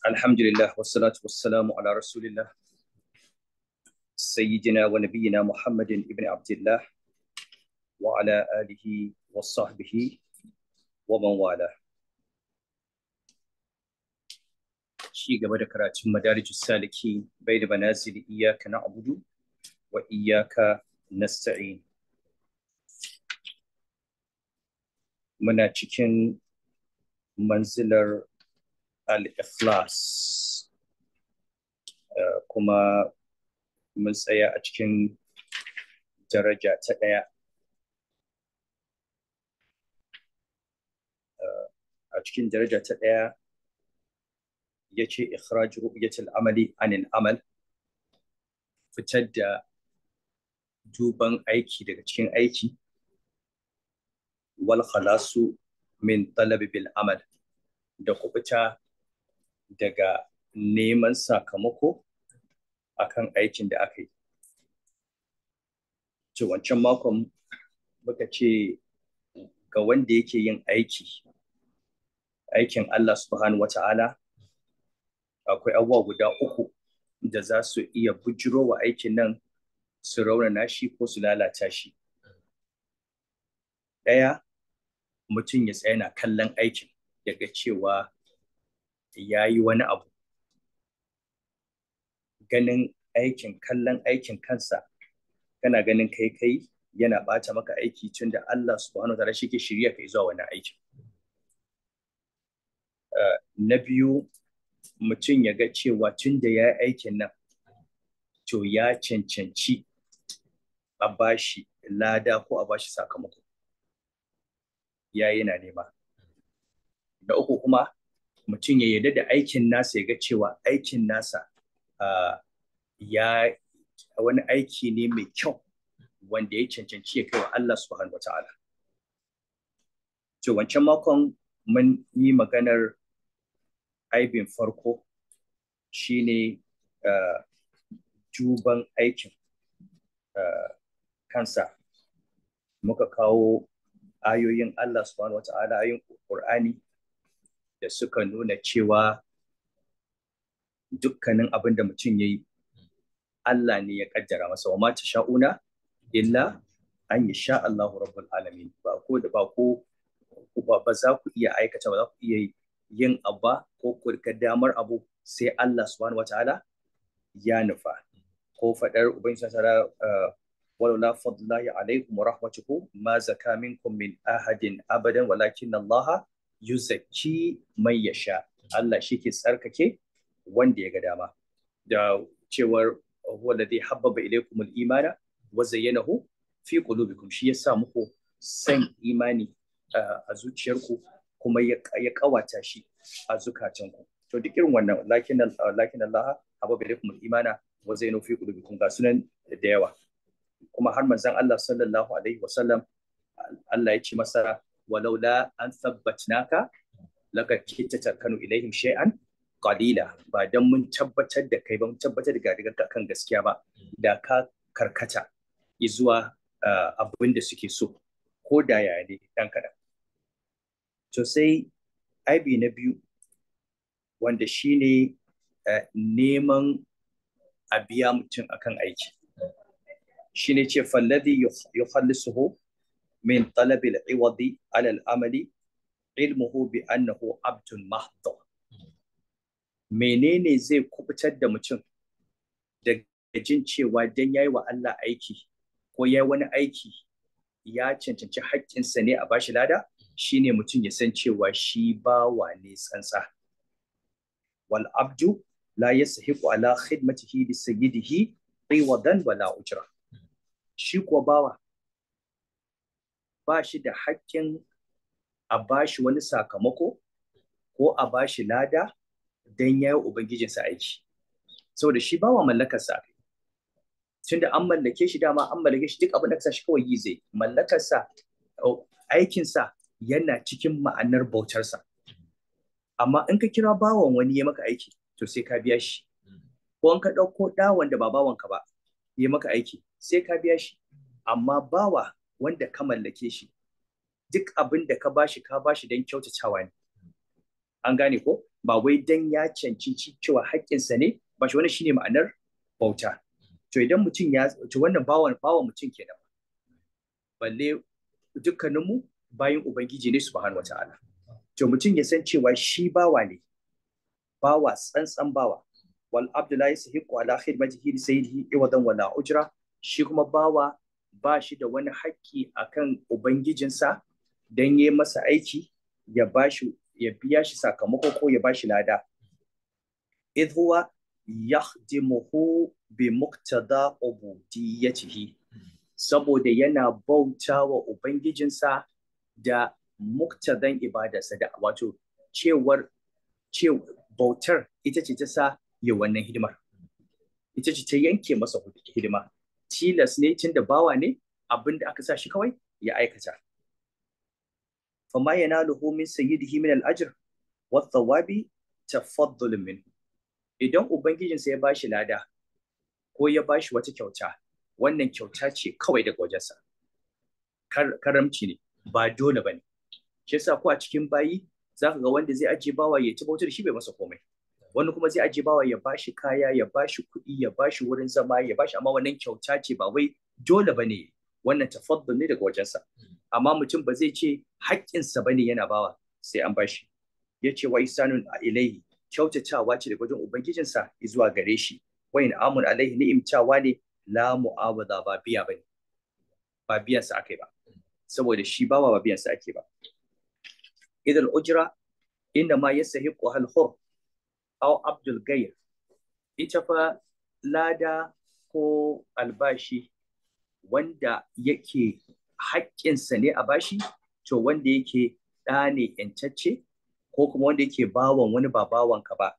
Alhamdulillah, wassalatu wassalamu ala Rasulillah, Sayyidina wa Nabiyina Muhammadin ibn Abdullah, wa ala alihi wa sahbihi wa man wala. Ci gaba da karatun madarijus saliki bai da banaziri iyaka na abudu wa iyaka nasta'in muna cikin manzilar al-ikhlas eh, kuma mun tsaya a cikin daraja ta ɗaya eh, a cikin daraja ta ɗaya ya ce ikhraj ru'yatul amali anil amal fitar da duban aiki daga cikin aiki wal khalasu min talabi bil amal da kubuta daga neman sakamako akan aikin da aka yi ce wancan makon muka ce ga wanda yake yin aiki aikin Allah subhanahu wata'ala akwai abubuwa guda uku da za su iya bujiro wa aikin nan su raunana shi ko su lalata shi ɗaya mutum ya tsaya na kallon aikin daga cewa ya yi wani abu ganin aikin kallon aikin kansa kana ganin kai kai yana ɓata maka aiki tunda Allah subhanahu ta'ala shi ke shirya ka zuwa wani aiki. Eh, na biyu mutum ya ga cewa tunda da ya yi aikin nan to ya cancanci a bashi lada ko a bashi sakamako ya yana nema da uku kuma mutum ya yarda da aikin nasa ya ga cewa aikin nasa ya wani aiki ne mai kyau wanda ya cancanci ya kai wa Allah subhanahu wata'ala to wancan makon mun yi maganar aibin farko shine duban aikin kansa muka kawo ayoyin Allah subhanahu ta'ala ayoyin Qur'ani da suka nuna cewa dukkanin abin da mutum yayi Allah ne ya kaddara masa wa ma sha'una illa an sha Allahu rabbul alamin ba ko da ba ko ba za ku iya aikata ba za ku iya yin abba ko ku damar abu sai Allah subhanahu ta'ala ya nufa ko faɗar ubangiji sallallahu ولولا فضل الله عليكم ورحمته ما زكى منكم abadan أحد أبدا ولكن الله يزكي من يشاء Allah shi ke tsarkake wanda ya ga dama da cewar wanda zai habbaba ilaikumul imana wa zayyanahu fi qulubikum shi ya sa muku san imani eh, a zuciyarku kuma ya ƙawata shi a zukatanku to duk irin wannan lakin Allah habbaba ilaikumul imana wa zayyanahu fi qulubikum ga sunan da yawa kuma har manzan Allah sallallahu alaihi wasallam Allah ya ce masa walaula an naka laka kitata kanu ilaihim shay'an qalila ba dan mun tabbatar da kai ba mun tabbatar da garigar kan gaskiya ba da ka karkata zuwa ah, abin da suke so ko da yaya ne dan to sai aibi na biyu wanda shine eh, neman a biya mutum akan aiki shine ce falladhi yukhallisuhu min talab al-iwadi ala al-amali ilmuhu bi annahu abdun menene zai kubutar da mutum daga jin cewa dan yayi wa Allah aiki ko yayi wani aiki ya cancanci haƙƙinsa ne a bashi lada shine mutum ya san cewa shi bawa ne tsantsa wal abdu la yasahiqu ala khidmatihi li sayyidihi iwadan wala ujra shi kuwa bawa ba shi da hakkin a ba shi wani sakamako ko a bashi lada don ya yi ubangijinsa aiki saboda shi bawa mallakarsa tunda an mallake shi dama an mallake shi duk abin da ka shi kawai yi zai mallakarsa aikinsa yana cikin ma'anar bautarsa amma in ka kira bawan wani ya maka aiki to sai ka biya shi ko an ka ɗauko ɗa wanda ba bawanka ba ya maka aiki sai ka biya shi amma bawa wanda ka mallake shi duk abin da ka bashi ka bashi don kyautatawa ne an gane ko ba wai dan ya cancanci cewa haƙƙinsa ne ba shi wani shine ma'anar bauta to idan mutum ya to wannan bawan bawan mutum kenan balle dukkaninmu bayan ubangiji ne subhanahu wata'ala to mutum ya san cewa shi bawa ne bawa tsantsan bawa wal abdullahi sahiqu ala khidmatihi li sayyidihi iwadan wala ujra shi kuma bawa ba shi da wani haƙƙi a kan ubangijinsa don yi masa aiki ya shi ya biya shi sakamako ko ya ba shi lada idh huwa yakhdimuhu bi muqtada ubudiyyatihi saboda yana bautawa ubangijinsa da muktadan ibadarsa da wato cewar bautar ita ce ta sa ya wannan hidimar ita ce ta yanke masa hidima tilas ne tun da bawa ne abin da aka sa shi kawai ya aikata fama yana luhu min sayyidihi min al-ajr wa thawabi tafaddul min idan ubangijinsa ya bashi lada ko ya bashi wata kyauta wannan kyauta ce kawai daga wajensa karamci ne ba dole ba ne. shi yasa ko a cikin bayi zaka ga wanda zai ajiye bawa ya ci bautar shi bai masa komai wani kuma zai aje bawa ya bashi kaya ya bashi kuɗi ya bashi wurin zama ya bashi amma wannan kyauta ce ba wai dole bane wannan tafaddu ne daga wajensa amma mutum ba zai ce haƙƙinsa bane yana bawa sai an bashi ya ce sanun a ilaihi kyautatawa ce daga wajen ubangijinsa zuwa gare shi wai na amun alaihi ni'imtawa ne la mu'awada ba biya bane ba biyansa akai ba saboda shi bawa ba biyansa ake ba idan ujra inda ma yasahiqu al hur au abdul gayr ita fa lada ko albashi wanda yake haƙƙinsa ne a bashi to wanda yake ɗa ne ‘yantacce ko kuma wanda yake bawan wani ba bawanka ba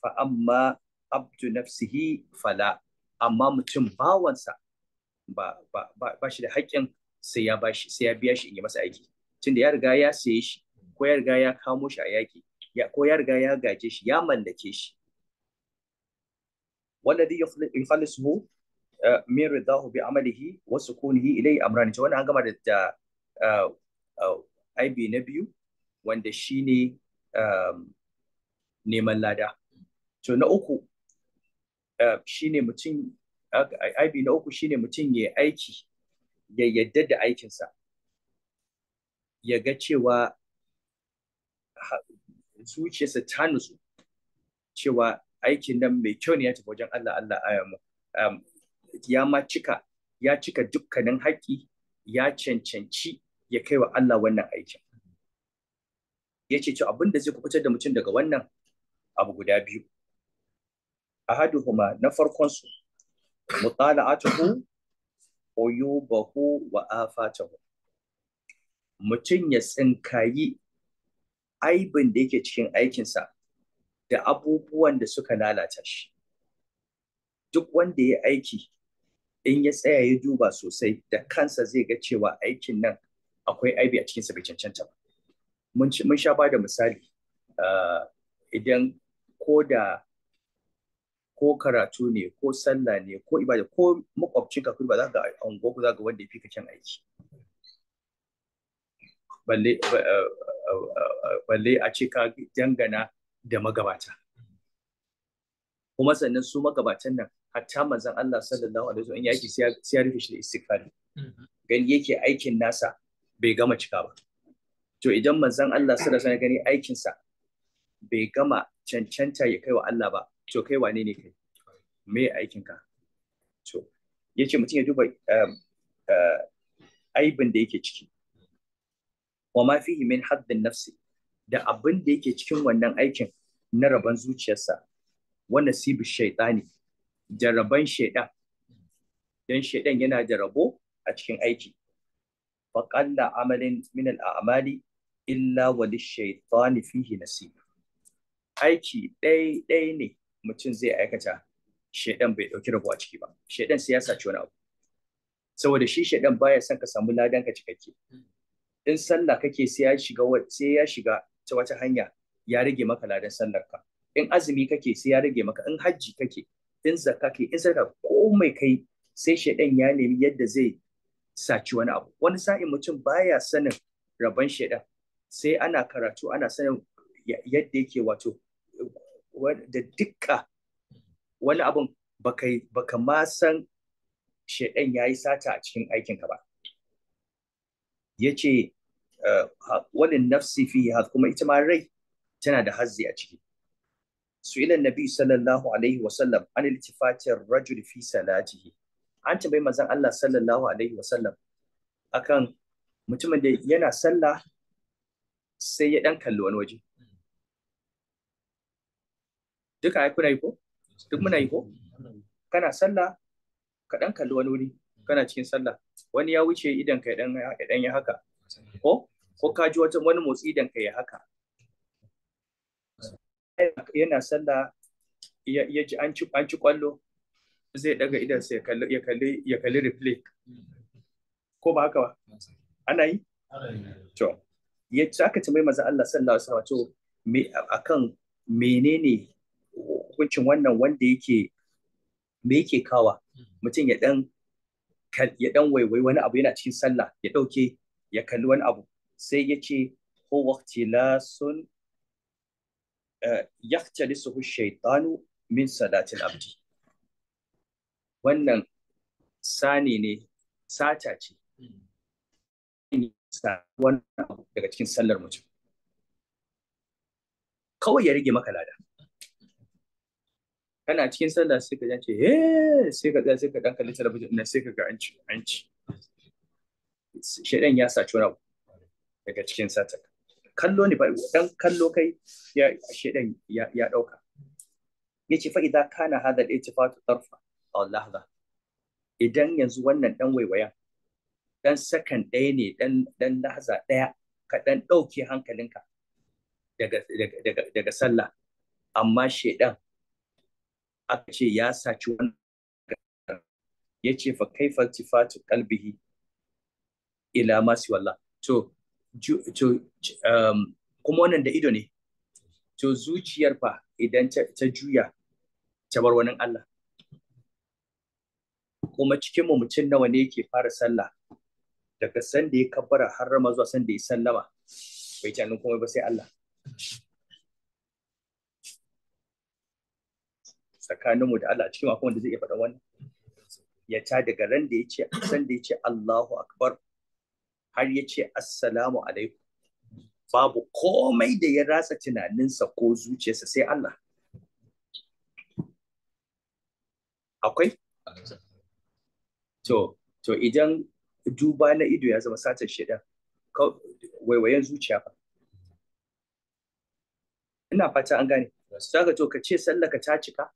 fa amma abdu nafsihi fala amma mutum bawansa ba, ba, ba, ba shi da haƙƙin sai ya sai ya biya shi in yi masa aiki tunda ya riga ya saye shi ko ya riga ya kamo shi a yaƙi ya ko ya riga ya gaje shi ya mallake shi wallazi yukhalisuhu uh, min ridahu bi amalihi wa sukunihi ilayhi amran ce wannan an gama da uh, uh, aibi na biyu wanda shine um, neman lada to na uku shine mutum aibi na uku shine mutum ya aiki ya yadda da aikinsa ya ga cewa zuciyarsa ta nutsu cewa aikin nan mai kyau ne ya tafi wajen Allah Allah um, um, ya ma cika ya cika dukkanin haƙƙi ya cancanci ya kai wa Allah wannan aikin ya ce abin da zai kubutar da mutum daga wannan abu guda biyu ahaduhuma na farkon su mutala'atuhu bahu wa afatahu mutum ya tsinkayi aibin da yake cikin aikinsa da abubuwan da suka lalata shi duk wanda ya aiki in ya tsaya ya duba sosai da kansa zai ga cewa aikin nan akwai aibi a cikinsa bai cancanta ba mun sha ba da misali ah, idan ko da ko karatu ne ko sallah ne ko ibada ko makwabcin kuma ba za ka ga ango za ga wanda ya fi ka aiki ah, balle a ce ka dangana da magabata kuma sannan su magabatan nan hatta manzon Allah sallallahu alaihi wasallam yaki sai ya rufe shi da istighfari mm-hmm. gani yake aikin nasa bai gama cika ba to idan manzon Allah sallallahu alaihi gani aikin sa bai gama cancanta ya kai wa Allah ba to kai wane ne kai me aikin ka to yace mutum ya duba eh, eh, aibin da yake ciki wa ma fihi min haddin nafsi da abin da yake cikin wannan aikin na raban zuciyarsa wa nasibu Da jaraban shaidan. dan shaidan yana da rabo a cikin aiki fa amalin min al a'mali illa wa shaitani fihi nasib aiki ɗai ɗai ne mutum zai aikata shaidan bai ɗauki rabo a ciki ba shaidan siyasa ce wani abu saboda shi shaidan baya son ka samu ladan ka cikakke in sallah kake sai ya shiga sai ya shiga ta wata hanya ya rage maka ladan sallar ka in azumi kake sai ya rage maka in hajji kake in zakka kake in sadaka komai kai sai shedan ya nemi yadda zai saci wani abu wani sa'in mutum baya sanin rabon shedan sai ana karatu ana sanin yadda yake wato da dukka wani abun baka baka ma san shedan ya sata a cikin aikinka ba yace. walin nafsi fiha kuma ita ma rai tana da hazzi a ciki su'ilan nabi sallallahu alaihi wa sallam an iltifatir rajul fi salatihi an tambayi manzon Allah sallallahu alaihi wa sallam akan mutumin da yana sallah sai ya dan kalli wani waje duka ai kuna yi ko duk muna yi ko kana sallah ka dan kalli wani wuri kana cikin sallah wani ya wuce idan ka dan ya haka ko ko ka ji wata wani motsi idan ka yi haka yana sallah ya ji an ci an ci kwallo zai daga idan sai ya kalli ya kalli replay ko ba haka ba ana yi to ya ci aka tambayi manzo Allah sallallahu alaihi wasallam me akan menene hukuncin wannan wanda yake me yake kawa mutum ya dan ya dan waiwai wani abu yana cikin sallah ya dauke ya kalli wani abu sai ya ce huwa ikhtilasun eh, yaktalisuhu shaitanu min sadatin abdi wannan sani ne sata ce daga cikin sallar mutum kawai ya rage maka lada kana cikin sallah sai ka ce eh sai ka sai ka dan kalli talabijin na sai ka ga an ci an ci shedan ya saci wani abu daga cikin satak kallo ne ɗan kallo kai ya shedan ya ya dauka yace na idza kana ita al-ittifaq tarfa aw lahza idan yanzu wannan dan waiwayan dan sakan ɗaya ne dan lahaza ɗaya ka ɗan dauke hankalinka daga sallah amma shaidan, aka ce ya saci wannan yace fa kaifar tifatu qalbihi ila ma siwallah to Um, kuma wannan da ido ne to zuciyar fa idan ta juya ta bar wani Allah kuma cikin mu mutum nawa ne yake fara sallah daga san da ya kabbara har rama zuwa san da ya sallama bai tunanin komai ba sai Allah tsakaninmu da Allah cikin akwai wanda zai iya faɗa wannan ya ta daga ran da ya ce san da ya ce Allahu akbar har ya ce assalamu alaikum babu komai da ya rasa tunaninsa ko zuciyarsa sai Allah akwai to to idan duba na ido ya zama satar shida waiwayen zuciya ba ina fata an gane saka to ka ce sallar ka ta cika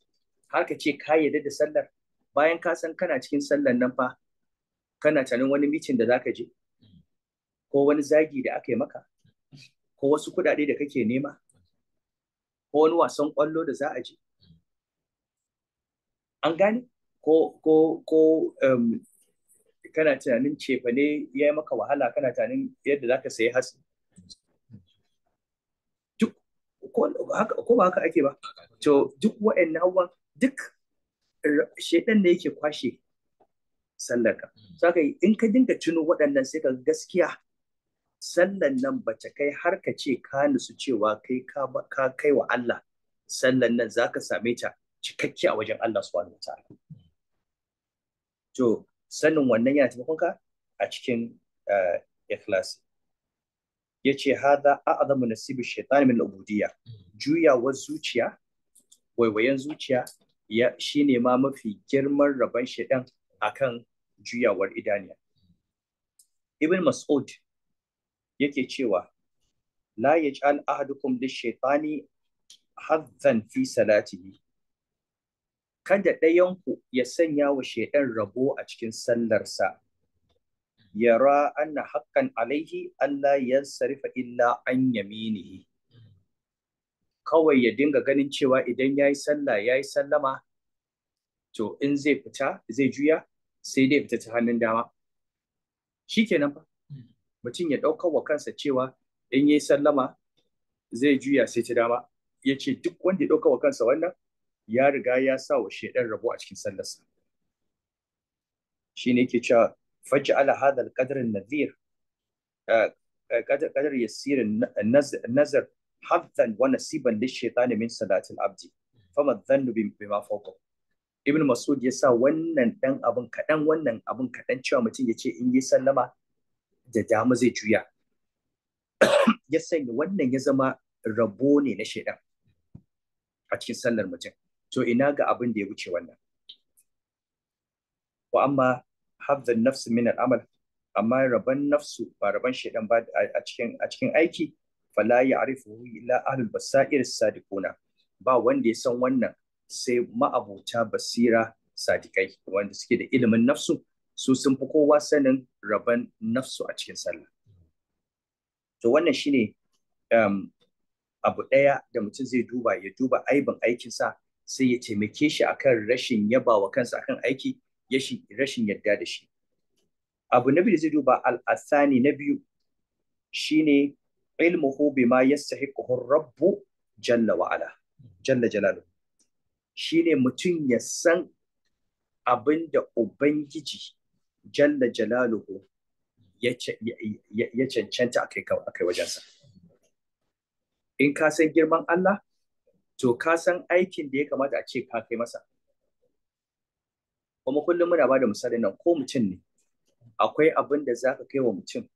har ka ce ka yarda da sallar bayan ka san kana cikin sallar nan fa kana tunanin wani mitin da zaka je ko wani zagi da aka yi maka ko wasu kuɗaɗe da kake nema ko wani wasan ƙwallo da za a je an gane ko ko ko um, kana tunanin cefa ne ya yi maka wahala kana tunanin yadda za ka sayi hasi duk ko ba haka ake ba to duk wa'annan abubuwan duk shaidan ne yake kwashe sallarka saka in ka dinga tuno waɗannan sai ka gaskiya sallan nan ba ta kai har ka ce ka nisu cewa kai ka kai wa Allah sallan nan za ka same ta cikakke a wajen Allah su wani ta. to sanin wannan yana taimakon ka a cikin eh, Ya yace hada a'zamu nasibi shaitan min ubudiya ubudiyya juyawar zuciya waiwayen zuciya ya shine ma mafi girman rabon shaidan akan juyawar idaniya ibn mas'ud yake cewa la yaj'al ahadukum lish-shaytani hazzan fi salatihi kada ɗayanku ya sanya wa shaidan rabo a cikin sallarsa yara anna haqqan alaihi Allah yansarifa illa an yaminihi kawai ya dinga ganin cewa idan yayi sallah yayi sallama to in zai fita zai juya sai dai fita ta hannun dama shikenan fa mutum ya ɗaukar wa kansa cewa in yi sallama zai juya sai ta dama ya ce duk wanda ya ɗaukar wa kansa wannan ya riga ya sa wa shaidan rabo a cikin sallarsa shi ne ke cewa faji ala hadal nazir nadhir ya eh, eh, yasir nazar haddan wa nasiban lishaitani min salatin abdi fama dhannu ma fawqa ibn masud ya sa wannan dan abin kaɗan wannan abin kaɗan cewa mutum ya ce in yi sallama da dama zai juya ya sanya wannan ya zama rabo ne na shaidan a cikin sallar mutum to ina ga abin da ya wuce wannan wa amma hafza nafsu min al'amal amma rabban nafsu ba rabban shaidan ba a cikin a cikin aiki fala ya'rifu illa ahlul basair sadiquna ba wanda ya san wannan sai ma'abuta basira sadikai wanda suke da ilimin nafsu su sun fi kowa sanin rabon nafsu a cikin sallah to wannan shine um, abu ɗaya da mutum zai duba ya duba aibin aikinsa sai ya taimake shi akan rashin yaba wa kansa akan aiki ya shi rashin yadda da shi abu na biyu zai duba al'asani na biyu shi shine ilmuhu bima ya rabbu jalla Rabbu ala jalla jalalu ne mutum ya san abin da ubangiji jalla jalaluhu ya cancanta a kai wajensa in ka san girman Allah to ka san aikin da ya kamata a ce ka kai masa kuma kullum muna bada misalin nan ko mutum ne akwai abin da za ka kai wa mutum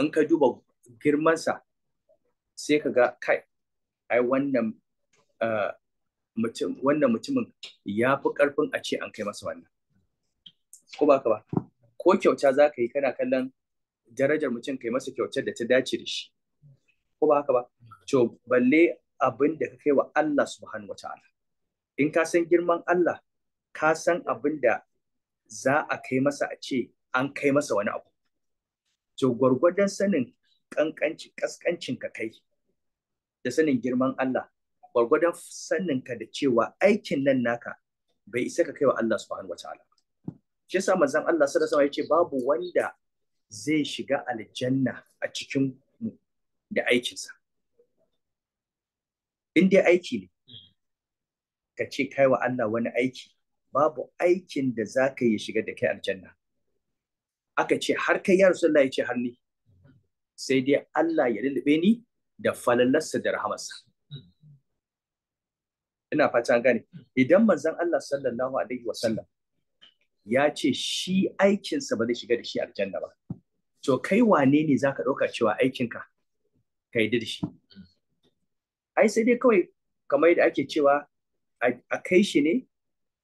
in ka duba girmansa sai ka ga kai ai wannan eh, mutumin ya fi ƙarfin a ce an kai masa wannan ko ba ka ba ko kyauta za ka yi kana kallon darajar mutum kai masa kyautar da ta dace da shi ko ba haka ba to balle abin da ka kai wa Allah subhanahu wataala in ka san girman Allah ka san abin da za a kai masa a ce an kai masa wani abu to gwargwadon sanin kankanci kaskancin ka kai da sanin girman Allah gwargwadon sanin ka da cewa aikin nan naka bai isa ka kai wa Allah subhanahu wataala shi sa manzon Allah sada sama ya ce babu wanda zai shiga aljanna a cikin mu da aikinsa in dai aiki ne ka ce kai wa Allah wani aiki babu aikin da za ka yi shiga da kai aljanna aka ce har kai ya Rasulullah ya ce har ni sai dai Allah ya lullube ni da falalarsa da rahamarsa ina fata gane idan manzon Allah sallallahu alaihi wasallam ya ce shi aikinsa ba zai shiga da shi aljanna ba to kai wane ne za ka ɗauka cewa aikinka ka yi da shi ai sai dai kawai kamar yadda ake cewa a kai shi ne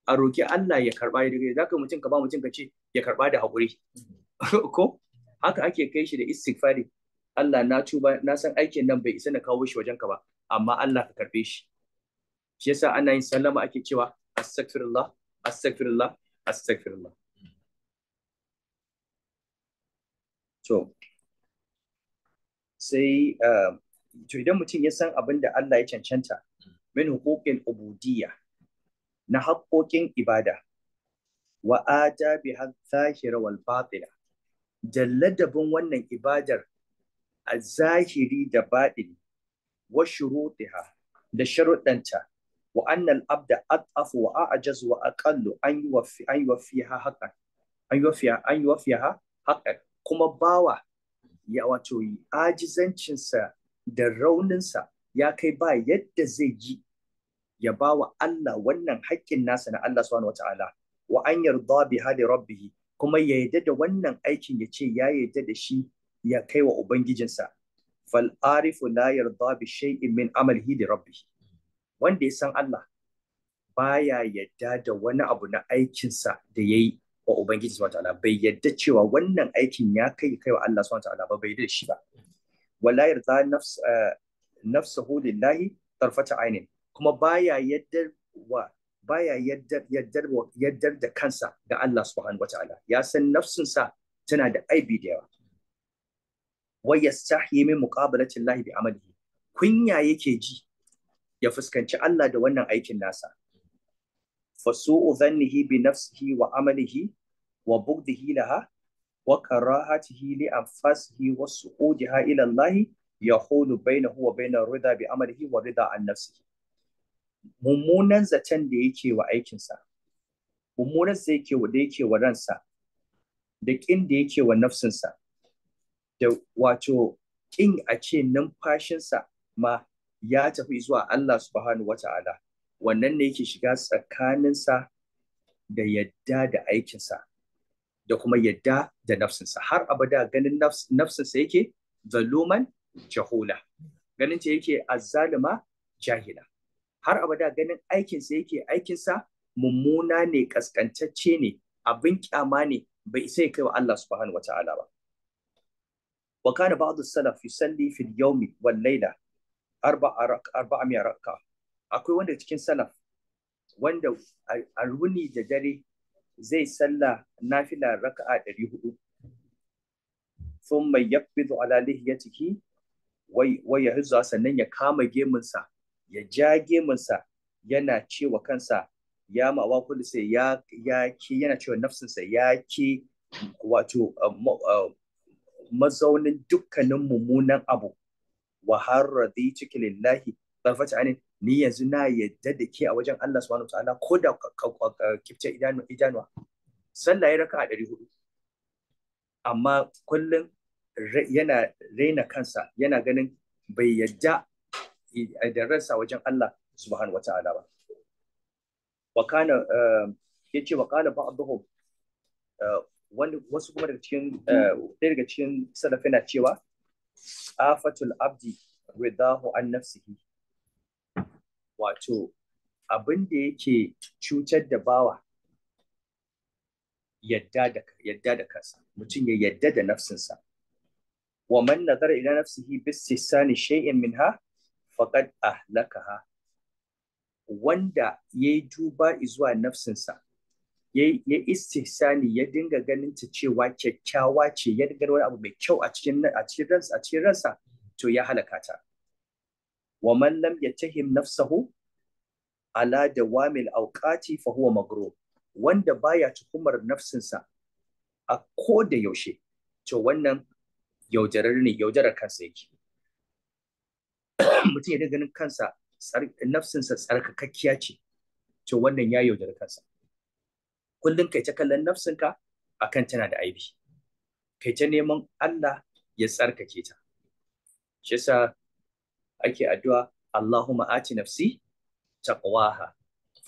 a roƙi Allah ya karɓa ya daga zaka mutum ka ba mutum ka ce ya karɓa da haƙuri ko haka ake kai shi da istighfari Allah na tuba na san aikin nan bai isa na kawo shi wajenka ba amma Allah ka karɓe shi shi yasa ana yin sallama ake cewa astaghfirullah astaghfirullah astaghfirullah to sai uh, to idan mutum ya san abin da Allah ya cancanta min hukukin ubudiyya na haƙoƙin ibada wa ata bi zahira wal batila jalladabin wannan ibadar a zahiri da baɗin wa shuruɗiha da sharuɗanta wa abda atafu wa a'jaz wa aqallu an an yuwaffiha haqqan an yuwaffiha an kuma bawa ya wato ajizancinsa da rauninsa ya kai ba yadda zai yi ya bawa Allah wannan haƙƙin nasa na Allah subhanahu wata'ala wa an yarda bi hali rabbih kuma ya yarda da wannan aikin ya ce ya yarda da shi ya kai wa ubangijinsa fal arifu la yarda bi shay'in min amalihi li rabbih wanda ya san Allah baya yadda da wani abu na aikinsa da ya yi wa Ubangiji subhanahu ta'ala bai yadda cewa wannan aikin ya kai kai wa Allah subhanahu ta'ala ba bai yadda da shi ba wala yarda nafs eh, nafsuhu lillahi tarfata ainin kuma baya yadda wa baya yadda yadda da kansa ga Allah subhanahu ta'ala ya san nafsinsa tana da aibi da yawa wa yastahi min muqabalati Allah bi amalihi kunya yake ji ya fuskanci Allah da wannan aikin nasa fasu'u uzannihi bi nafsihi wa amalihi wa bughdihi laha wa karahatihi li anfasihi wa su'udiha ila Allah hulu bainahu wa bainar rida bi amalihi wa rida an nafsihi mummunan zaton da yake wa aikinsa mummunan da yake wa da yake wa ransa da kin da yake wa nafsinsa da wato kin a ce numfashinsa ma ya tafi zuwa Allah subhanahu Ta'ala wannan ne yake shiga tsakaninsa da yadda da aikinsa da kuma yadda da nafsinsa har abada ganin nafsinsa yake zaluman jahula ganin ta yake azzalima jahila har abada ganin aikinsa yake aikinsa mummuna ne kaskantacce ne abin kyama ne bai isa ya kai wa Allah subhanahu ba wa kana ba. as-salaf yusalli fil yawmi wal laila? arba'a miya raka akwai wanda cikin salaf wanda a runi da dare zai salla nafila raka'a ɗari hudu sun mai yakbidu ala ciki, wai ya hizuwa sannan ya kama gemunsa ya ja gemunsa yana cewa kansa ya ma'awa kudu sai ya ke yana cewa nafsinsa ya ke wato um, um, mazaunin dukkanin mummunan abu wa har raditu lillahi tarfat ani ni yanzu na yadda da ke a wajen Allah subhanahu wataala ko da kifce idanuwa sallah ya raka a ɗari hudu amma kullum yana raina kansa yana ganin bai yadda da ransa wajen Allah subhanahu wataala ba Wakana ya eh, yace wa kala ba'dhum eh, wasu kuma daga cikin eh, ɗaya daga cikin yana cewa afatul abdi ridahu an nafsihi wato abin da yake cutar da bawa yadda da yadda da kansa mutum ya yadda da nafsinsa wa man nazar ila nafsihi bistisani shay'in minha faqad ahlakaha wanda yayi duba zuwa nafsinsa ya istihsani ya dinga ganin ta cewa kyakkyawa ce ya dinga wani abu mai kyau a cikin a cikin ransa a cikin ransa to ya halaka ta wa man lam yatahim nafsahu ala dawamil awqati fa huwa magrur wanda baya tuhumar nafsinsa a ko da yaushe to wannan yaudarar ne yaudarar kansa yake mutum ya ganin kansa nafsinsa tsarkakakkiya ce to wannan ya yaudari kansa kullum kai ta kallon nafsinka A kan tana da aibi kai ta neman Allah ya tsarkake ta shi yasa ake addu'a Allahumma ati nafsi taqwaha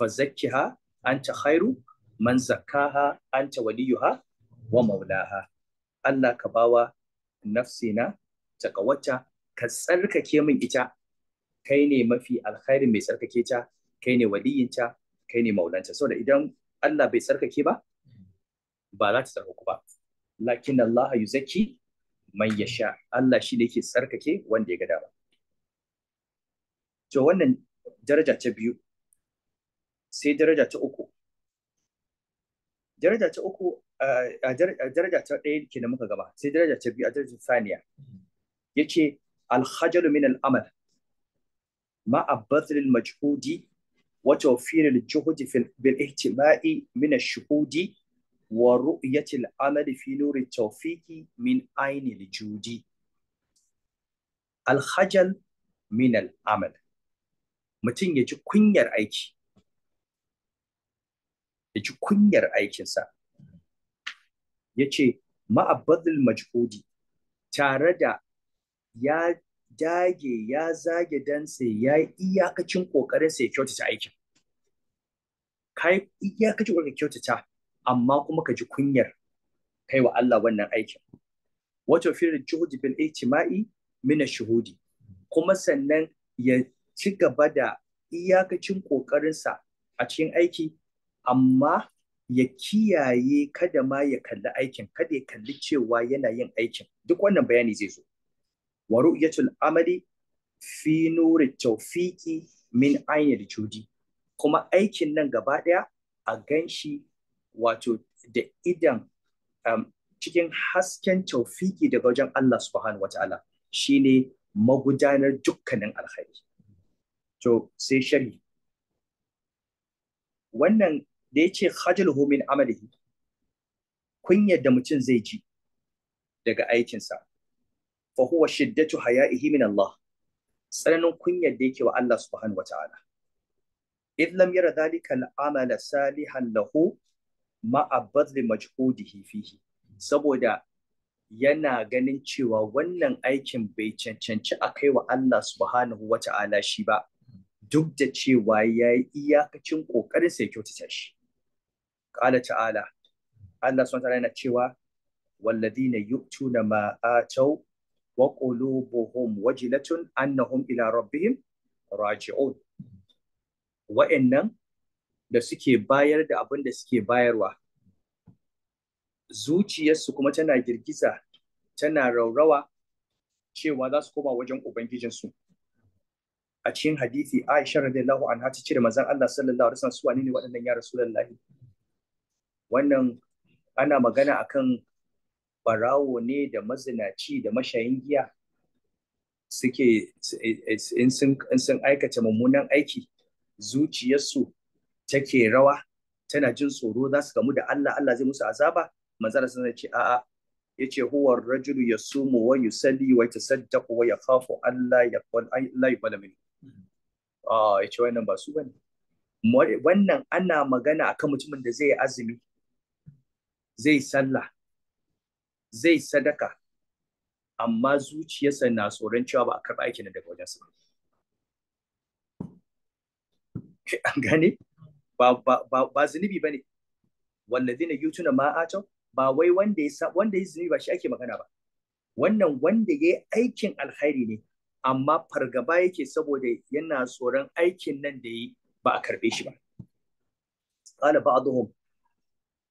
an anta khairu man zakkaha anta waliyuha wa maulaha Allah ka bawa nafsina taqawata ka tsarkake min ita kai ne mafi alkhairi mai tsarkake ta kai ne waliyinta kai ne maulanta saboda idan Allah bai tsarkake ba ba za ta tsarkaku ba lakin Allah zaki, man sha Allah shi ne yake tsarkake wanda ya gada ba. to wannan daraja ta biyu sai daraja ta uku daraja ta uku a daraja ta ɗaya ke da muka gaba sai daraja ta biyu a daraja saniya yace alhajalu min al'amal ma abbatul majhudi وتوفير الجهد في بالاهتماء من الشهود ورؤية العمل في نور التوفيق من عين الجود الخجل من العمل متين يجي كنير أيكي يجي كنير أيكي سا يجي ما أبذل مجهودي تاردا يا dage ya zage sai ya yi iyakacin kokarin sai kyautata aikin ka yi iyakacin kokarin kyautata amma kuma ka ji kunyar kai wa Allah wannan aikin wato firin juhudi bil ihtima'i min shuhudi kuma sannan ya ci gaba da iyakacin sa a cikin aiki amma ya kiyaye kada ma ya kalli aikin kada ya kalli cewa yana yin aikin duk wannan bayani zai zo wa ru'yatul amali fi nuri tawfiki min da judi kuma aikin nan gaba daya a ganshi wato da idan um, cikin hasken taufiki daga wajen Allah subhanahu wata'ala shine magudanar dukkanin alkhairi to sai shari wannan da ya ce khajluhu min amalihi kunyar da mutum zai ji daga aikinsa fa huwa shiddatu haya'ihi min Allah tsananin kunyar da yake wa Allah subhanahu wata'ala idh lam yara dhalika al-amal salihan lahu ma'a badli majhudihi fihi saboda yana ganin cewa wannan aikin bai cancanci a kai wa Allah subhanahu wata'ala shi ba duk da cewa ya yi iyakacin ƙoƙarin sai kyautata shi qala ta'ala Allah subhanahu wata'ala yana cewa na يؤتون ما آتوا wa qulubuhum wajilatun annahum ila rabbihim raji'un wa'annan da suke bayar da abin da suke bayarwa zuciyarsu kuma tana girgiza tana raurawa cewa za su koma wajen ubangijinsu a cikin hadithi Aisha radiyallahu anha ta cire manzon Allah sallallahu alaihi wasallam su ne waɗannan ya Rasulullahi wannan ana magana akan barawo ne da mazinaci da mashayin giya suke in sun aikata mummunan aiki zuciyarsu take rawa tana jin tsoro za su gamu da Allah Allah zai musu azaba manzara sun ce a'a yace huwa rajulu yasumu wa yusalli wa yatasaddaqu wa yakhafu Allah yaqul Allah balamin. min ah yace wannan ba su bane wannan ana magana akan mutumin da zai azumi zai sallah zai sadaka amma zuciyarsa na tsoron cewa ba a karɓa aikin nan daga wajen sa an gane ba ba ba zunubi bane wallazina yutuna ma atau ba wai wanda ya wanda ya zunubi ba shi ake magana ba wannan wanda ya aikin alkhairi ne amma fargaba yake saboda yana tsoron aikin nan da yi ba a karɓe shi ba qala ba'dhum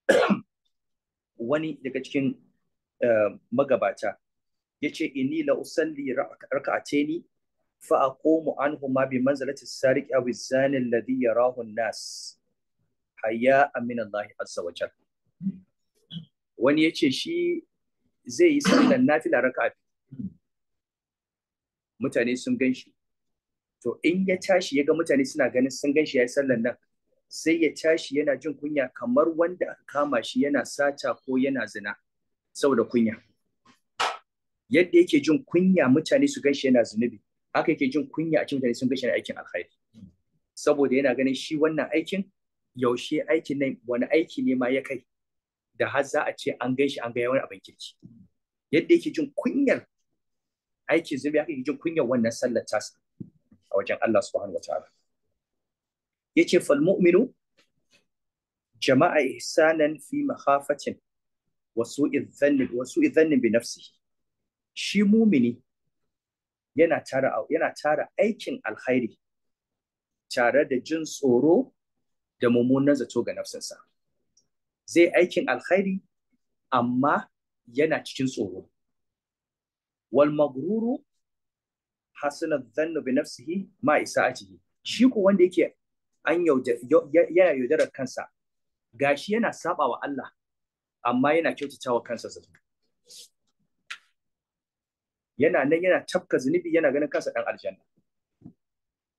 wani daga cikin Eh, magabata yace inni la usalli rak'ataini fa aqumu anhuma bi manzalati sariq aw zani alladhi yarahu an-nas haya min Allah azza wa jal wani yace shi zai yi sallan nafila raka'a mutane sun ganshi to in ya tashi ya ga mutane suna ganin sun ganshi yayi sallan nan sai ya tashi yana jin kunya kamar wanda aka kama shi yana sata ko yana zina saboda kunya yadda yake jin kunya mutane su gaishe yana zunubi haka yake jin kunya a cikin mutane sun gaishe yana aikin alkhairi saboda yana ganin shi wannan aikin yaushe aikin nan wani aiki ne ma ya kai da har za a ce an gaishe an ga yawan abin kirki yadda yake jin kunyar aikin zunubi haka yake jin kunyar wannan sallar tasa a wajen Allah subhanahu wataala yace fal mu'minu jama'a ihsanan fi mahafatin wasu idhanni wasu shi mumini yana tara aikin alkhairi tare da jin tsoro da mummunan zato ga nafsinsa zai aikin alkhairi amma yana cikin tsoro wal magruru hasana dhannu bi nafsihi ma isa'atihi shi ko wanda yake an yana yaudarar kansa gashi yana saba wa Allah amma yana kyautata wa kansa yana nan yana tafka zunubi yana ganin kansa dan aljanna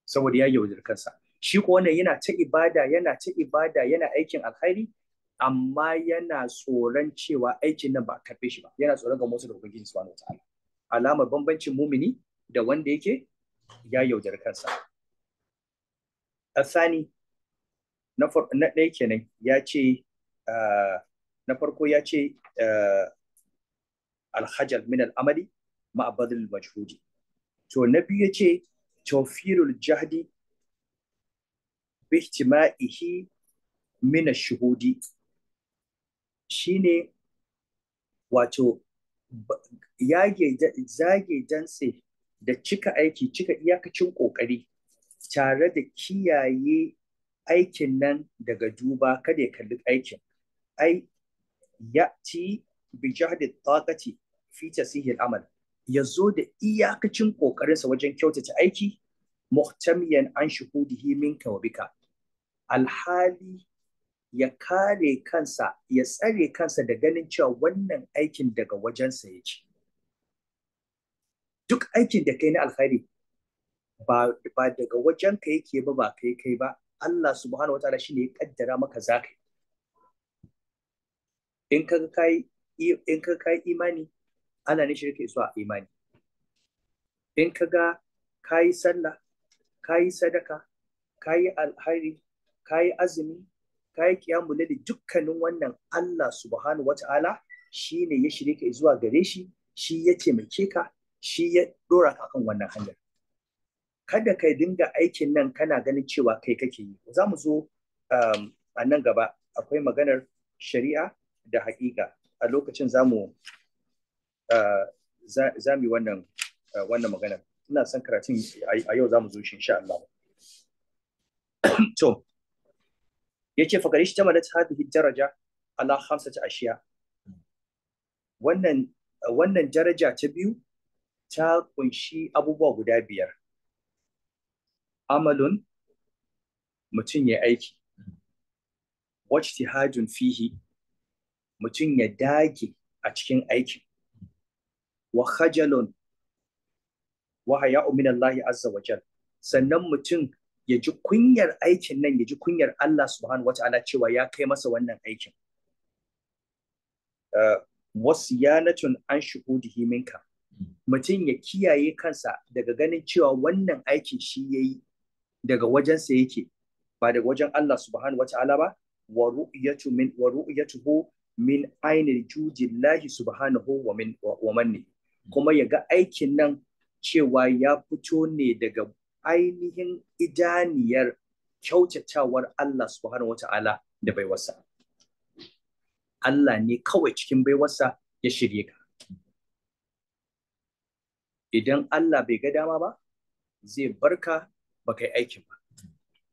saboda ya yaudar kansa shi ko wannan yana ta ibada yana ta ibada yana aikin alkhairi amma yana tsoron cewa aikin nan ba a karfe shi ba yana tsoron ga motsa da ubangiji subhanahu ta'ala. alamar bambancin mumini da wanda yake ya yaudar kansa asani na ɗaya kenan ya ce ah, na farko ya ce eh, alhajar min al'amali ma'abadul majhudi to na biyu ya ce tawfirul jahdi bihtima'ihi min shuhudi shine wato yage zage dantse da cika aiki cika iyakacin kokari tare da kiyaye aikin nan daga duba kada ya kalli aikin ai ya'ti bi jahdi taqati fi tasihi al-amal yazo da iyakacin kokarinsa wajen kyautata aiki muhtamiyan an shuhudihi minka wa bika alhali ya kare kansa ya tsare kansa da ganin cewa wannan aikin daga wajensa ya ci duk aikin da kai na alkhairi ba, ba daga wajenka yake ba ba kai kai ba Allah subhanahu wa ta'ala shine ya kaddara maka zakai in ka kai ka kai imani ana ne shi yake a imani in ka ga kayi sallah kayi sadaka kayi alhari kayi azumi kayi kiyamu lili dukkanin wannan Allah subhanahu wata'ala shi ne ya shirye ka zuwa gare shi shi ya taimake ka shi ya dora ka wannan hanyar kada ka dinga aikin nan kana ganin cewa kai kake yi za mu zo um, a nan gaba akwai maganar shari'a da haƙiƙa a lokacin za mu za mu yi wannan magana ina son karatun a yau za mu zo shi insha Allah to yace fa garish ta hadhihi daraja ala khamsati ashiya wannan wannan daraja ta biyu ta kunshi abubuwa guda biyar amalun mutum ya aiki wajtihadun fihi mutum ya dage a cikin aiki. wa khajalun wa haya min Allah azza wa jal sannan mutum ya ji kunyar aikin nan ya ji kunyar Allah subhanahu wata'ala cewa ya kai masa wannan aikin eh, Wasu yanatun an shuhudihi minka mutum ya kiyaye kansa daga ganin cewa wannan aikin shi yayi daga wajensa yake ba daga wajen Allah subhanahu wata'ala ba wa ru'yatu min wa ru'yatuhu min ainil lahi subhanahu wa min wa manni kuma ya ga aikin nan cewa ya fito ne daga ainihin idaniyar kyautatawar Allah subhanahu wata'ala da baiwarsa Allah ne kawai cikin baiwarsa ya shirye ka idan Allah bai ga dama ba zai barka baka yi aikin ba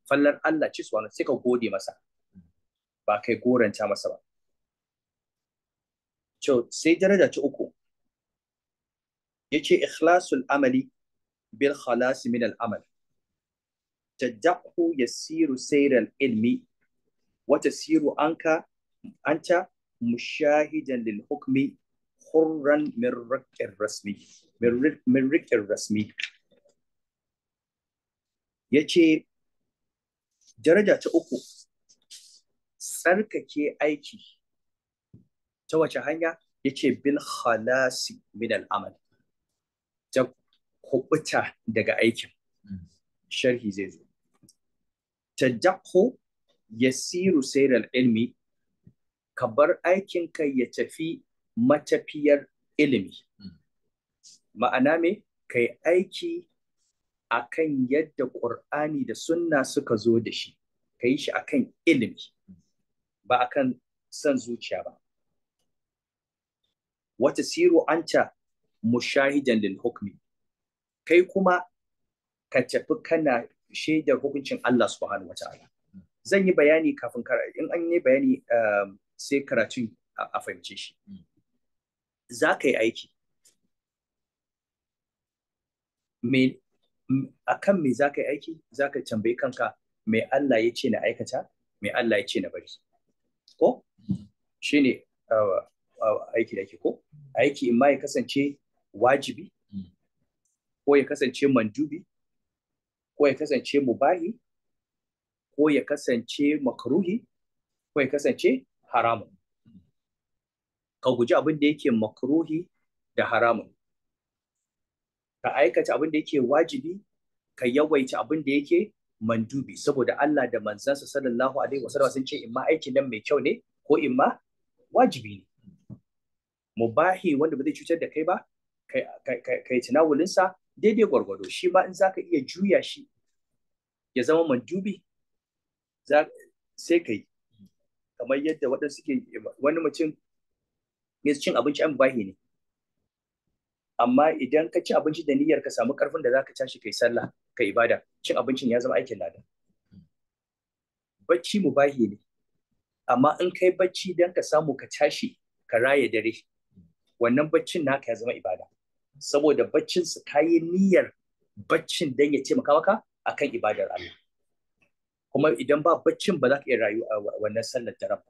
fallar Allah ci sai ka gode masa ba kai goranta masa ba to sai daraja ta uku yace ikhlasul amali bil khalas min al amal tadahu yasiru sayral ilmi wa tasiru anka anta mushahidan lil hukmi hurran min riqqir rasmi min riqqir rasmi yace daraja ta uku tsarkake aiki ta wace hanya yace bil khalasi min al amal ta kubuta daga aikin sharhi zai zo tadakhu yasiru da ilmi ka bar aikinka ya tafi matafiyar ilimi ma'ana me ka aiki a kan yadda ƙur'ani da sunna suka zo da shi ka yi shi a kan ilimi ba a kan son zuciya ba wata siru anta mushahidan lil hukmi kai kuma ka tafi kana shaidar hukuncin Allah subhanahu wata'ala zan yi bayani kafin in an yi bayani um, sai karatun a fahimce shi mm. za ka yi aiki a kan me za ka yi aiki za ka tambayi kanka me Allah ya ce na aikata me Allah ya ce na bari ko mm. shine. Uh, aiki da ke ko aiki in ma ya kasance wajibi mm. ko ya kasance mandubi ko ya kasance mubahi ko ya kasance makaruhi, ko ya kasance haramun ka guji abin da yake makaruhi da haramun ka aikata abin da yake wajibi ka yawaita abin da yake mandubi saboda Allah da manzansa sallallahu alaihi wasallam sun ce in ma aikin nan mai kyau ne ko in ma wajibi ne mubahi wanda ba zai cutar da kai ba kai tunawulinsa daidai gwargwado shi ma in za ka iya juya shi ya zama mandubi sai kai kamar yadda waɗansu suke wani mutum mai cin abinci an bahi ne amma idan ka ci abinci da niyyar ka samu karfin da zaka tashi kai sallah kai ibada cin abincin ya zama aikin lada bacci mubahi ne amma in kai bacci dan ka samu ka tashi ka raya dare wannan baccin naka ya zama ibada saboda baccin su yi niyyar baccin dan ya taimaka maka akan ibadar Allah kuma idan ba baccin ba za ka iya rayu a wannan sallar ta rabba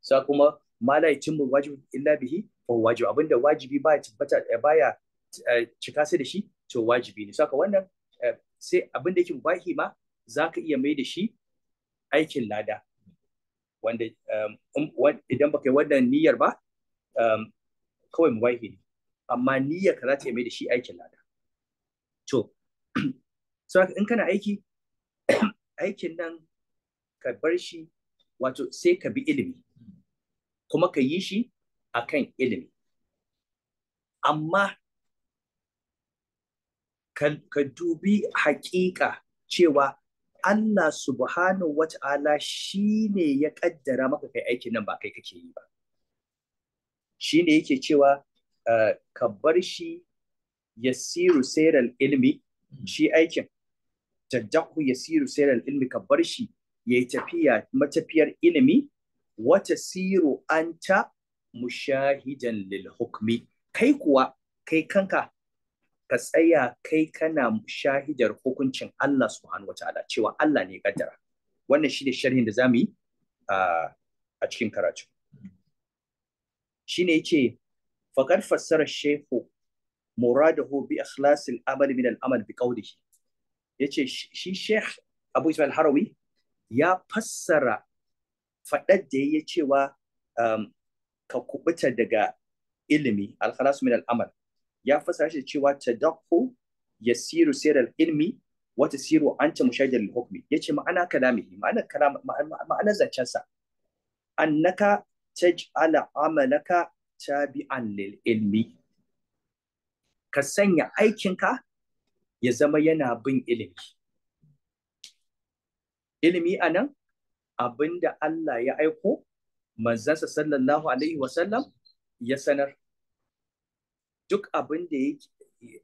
sa kuma mala mu wajibi illa bihi fa wajibi abinda wajibi ba ya tabbata eh, ya eh, cika sai da shi to wajibi ne saka wannan eh, sai abinda yake mubahi ma za ka iya mai da shi aikin lada wanda um, idan baka yi wannan niyyar ba um, kawai mu ne amma niyyar ka za ta mai da shi aikin lada to so in kana aiki aikin nan ka bar shi wato sai ka bi ilimi kuma ka yi shi akan ilimi amma ka dubi haƙiƙa cewa Allah subhanahu wa ta'ala shi ne ya ƙaddara maka kai aikin nan ba kai kake yi ba. shine yake cewa eh, ka bar shi yasiru sayar ilmi shi aikin ya yasiru sayar ilmi ka bar shi yayi tafiya matafiyar ilimi wata siru ta mushahidan lil hukmi kai kuwa kai kanka ka tsaya kai kana shahidar hukuncin Allah subhanahu wataala cewa Allah ne kaddara wannan shi ne sharhin da za mu yi ah, a cikin karatu shine yace faqad fassara shaykhu muradahu bi ikhlasil amal min al-amal bi qawlihi yace shi sheikh Abu Ismail Harawi ya fassara fadar da ya cewa um, ka kubuta daga ilimi al-khalas min al-amal ya fassara shi cewa tadakku yasiru siral ilmi wa tasiru anta mushajjal al-hukmi yace ma'ana kalamihi ma'ana kalam ma'ana zancensa annaka taj'ala amalaka tabi'an lil ilmi ka sanya aikinka ya zama yana bin ilimi ilimi anan abinda Allah ya aiko sa sallallahu alaihi wasallam ya sanar duk abin da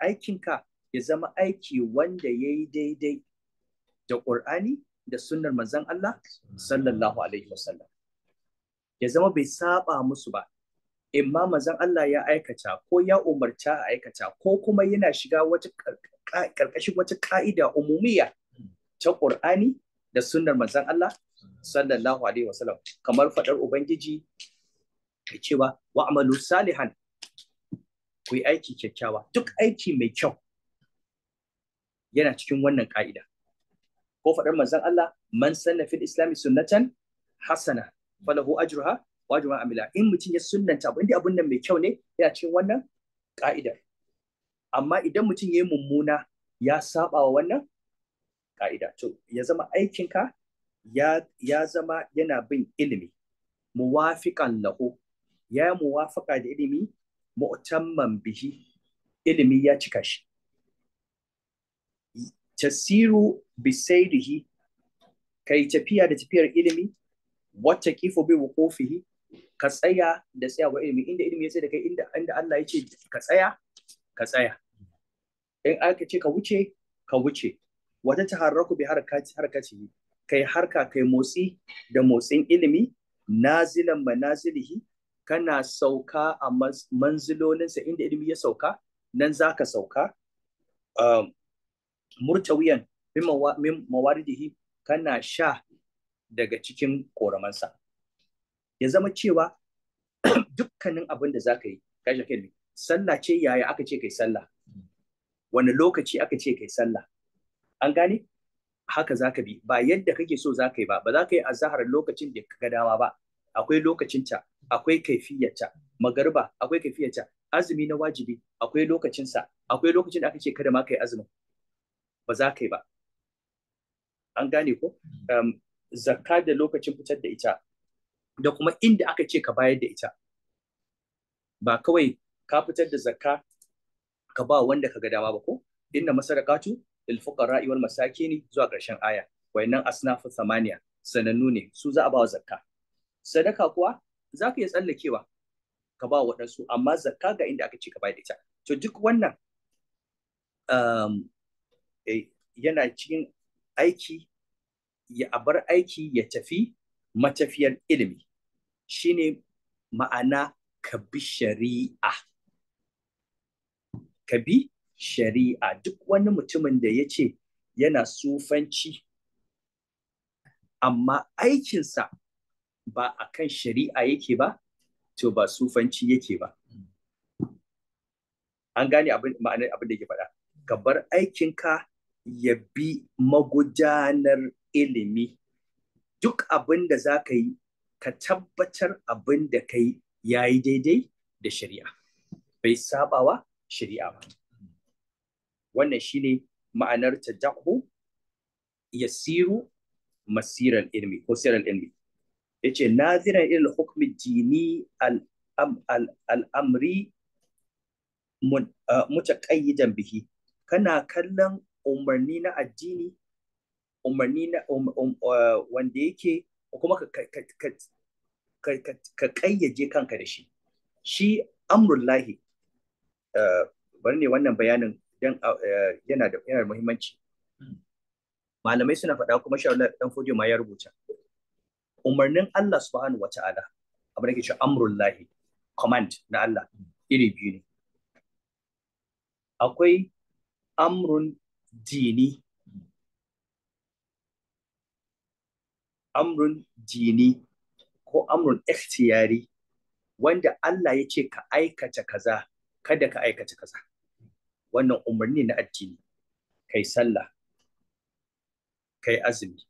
aikinka ya zama aiki wanda ya yi daidai da ƙur'ani da sunnar manzon Allah sallallahu alaihi wasallam ya zama bai saba musu ba imma mazan Allah ya aikata ko ya umarta a aikata ko kuma yana shiga wata karkashin wata ka'ida umumiya ta Qur'ani da sunnar mazan Allah sallallahu alaihi wasallam kamar fadar ubangiji cewa wa'malu salihan ku yi aiki kyakkyawa duk aiki mai kyau yana cikin wannan ka'ida ko fadar manzon Allah man sanna fil islami sunnatan hasana falahu ajruha wa ajru amila in mutum ya sunnanta abu inda abun nan mai kyau ne yana cikin wannan ka'idar amma idan mutum ya yi mummuna ya saba wa wannan ka'ida to ya zama aikinka ya ya zama yana bin ilimi muwafiqan lahu ya muwafaka da ilimi mu'tamman bihi ilimi ya cika shi tasiru bisairihi kai tafiya da tafiyar ilimi wata kifo bai kofi ka tsaya da tsayawa ilimi inda ilimi ya tsaya da kai inda inda Allah ya ce ka tsaya ka tsaya in aka ce ka wuce ka wuce wata ta harraku bi harakati harakati kai harka kai motsi da motsin ilimi nazilan manazilihi kana sauka a manzilolinsa inda ilimi ya sauka nan za ka sauka um, murtawiyan min mawaridihi kana sha daga cikin koramansa ya zama cewa dukkanin abin da za ka yi kashe kai sallah ce yaya aka ce kai sallah wani lokaci aka ce kai sallah an gane haka za ka bi ba yadda kake so za ka yi ba ba za ka yi azahar lokacin da ka ga dama ba akwai lokacinta akwai kaifiyarta magarba akwai kaifiyarta azumi na wajibi akwai lokacinsa akwai lokacin da aka ce kada ma yi azumin ba za ka yi ba an gane ko hmm. um, zakka da lokacin fitar da ita da kuma inda aka ce ka bayar da ita ba kawai ka fitar da zakka ka ba wanda ka ga dama ba ko inna masarakatu lil fuqara wal masakini zuwa ƙarshen aya wayannan asnafu samaniya sanannu ne su za a ba wa zakka sadaka kuwa za ka iya tsallakewa ka ba waɗansu amma zakka ga inda aka ce ka bayar da ita to duk wannan um, eh, yana cikin aiki ya abar aiki ya tafi matafiyar ilimi shine ma'ana ka bi shari'a ka bi shari'a duk wani mutumin da ya ce yana sufanci amma aikinsa ba a kan shari'a yake ba to ba sufanci yake ba an gane ma'anar abin da ke faɗa ka bar aikinka ya bi magudanar ilimi duk abin da za ka yi ka tabbatar abin da ka yi ya yi daidai da shari'a bai sabawa shari'a ba wannan shi ne ma'anar ta ya yasiru masiran ilimi ko siran ilmi yace naziran ilil hukumin dini al'amri mutaƙayyidan eh, bihi kana kallon umarni na addini umarni na um, um, uh, wanda yake kuma ka kayyaje kanka da shi shi amrullahi uh, bari ne wannan bayanin uh, yana da muhimmanci malamai suna faɗa kuma sha Allah dan fojo ma ya rubuta umarnin Allah subhanahu wa ta'ala abin da ke cewa amrullahi command na Allah iri biyu ne akwai amrun dini amrun dini ko amrun ikhtiyari wanda Allah ya ce ka aikata kaza kada ka aikata kaza wannan umarni na addini kai sallah kai azumi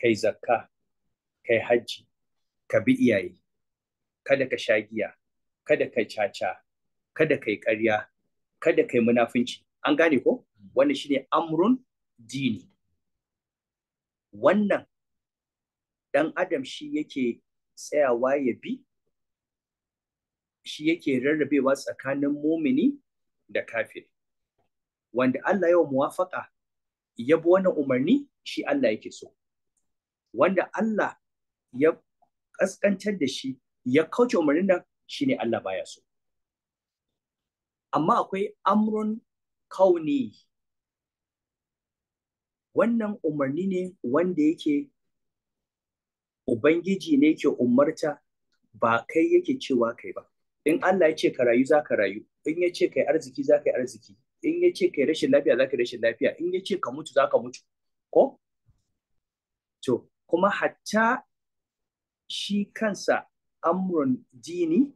kai zakka kai hajji ka bi iyaye kada ka sha giya kada ka caca kada kai ƙarya kada kai munafunci an gane ko hmm. wannan shine amrun dini wannan Dan adam shi yake tsayawa ya bi shi yake rarrabewa tsakanin mumini da kafir wanda Allah yau muwafaka ya bi wani umarni shi Allah yake so wanda Allah ya ƙasƙantar da shi ya kauce umarnin nan shi ne Allah baya so amma akwai amrun kauni wannan umarni ne wanda yake Ubangiji ne ke umarta ba kai yake cewa kai ba. In Allah ya ce ka rayu za ka rayu, in ya ce kai arziki za ka yi arziki, in ya ce kai rashin lafiya za ka yi rashin lafiya, in ya ce ka mutu za ka mutu. Ko? To, kuma hatta shi kansa amrun dini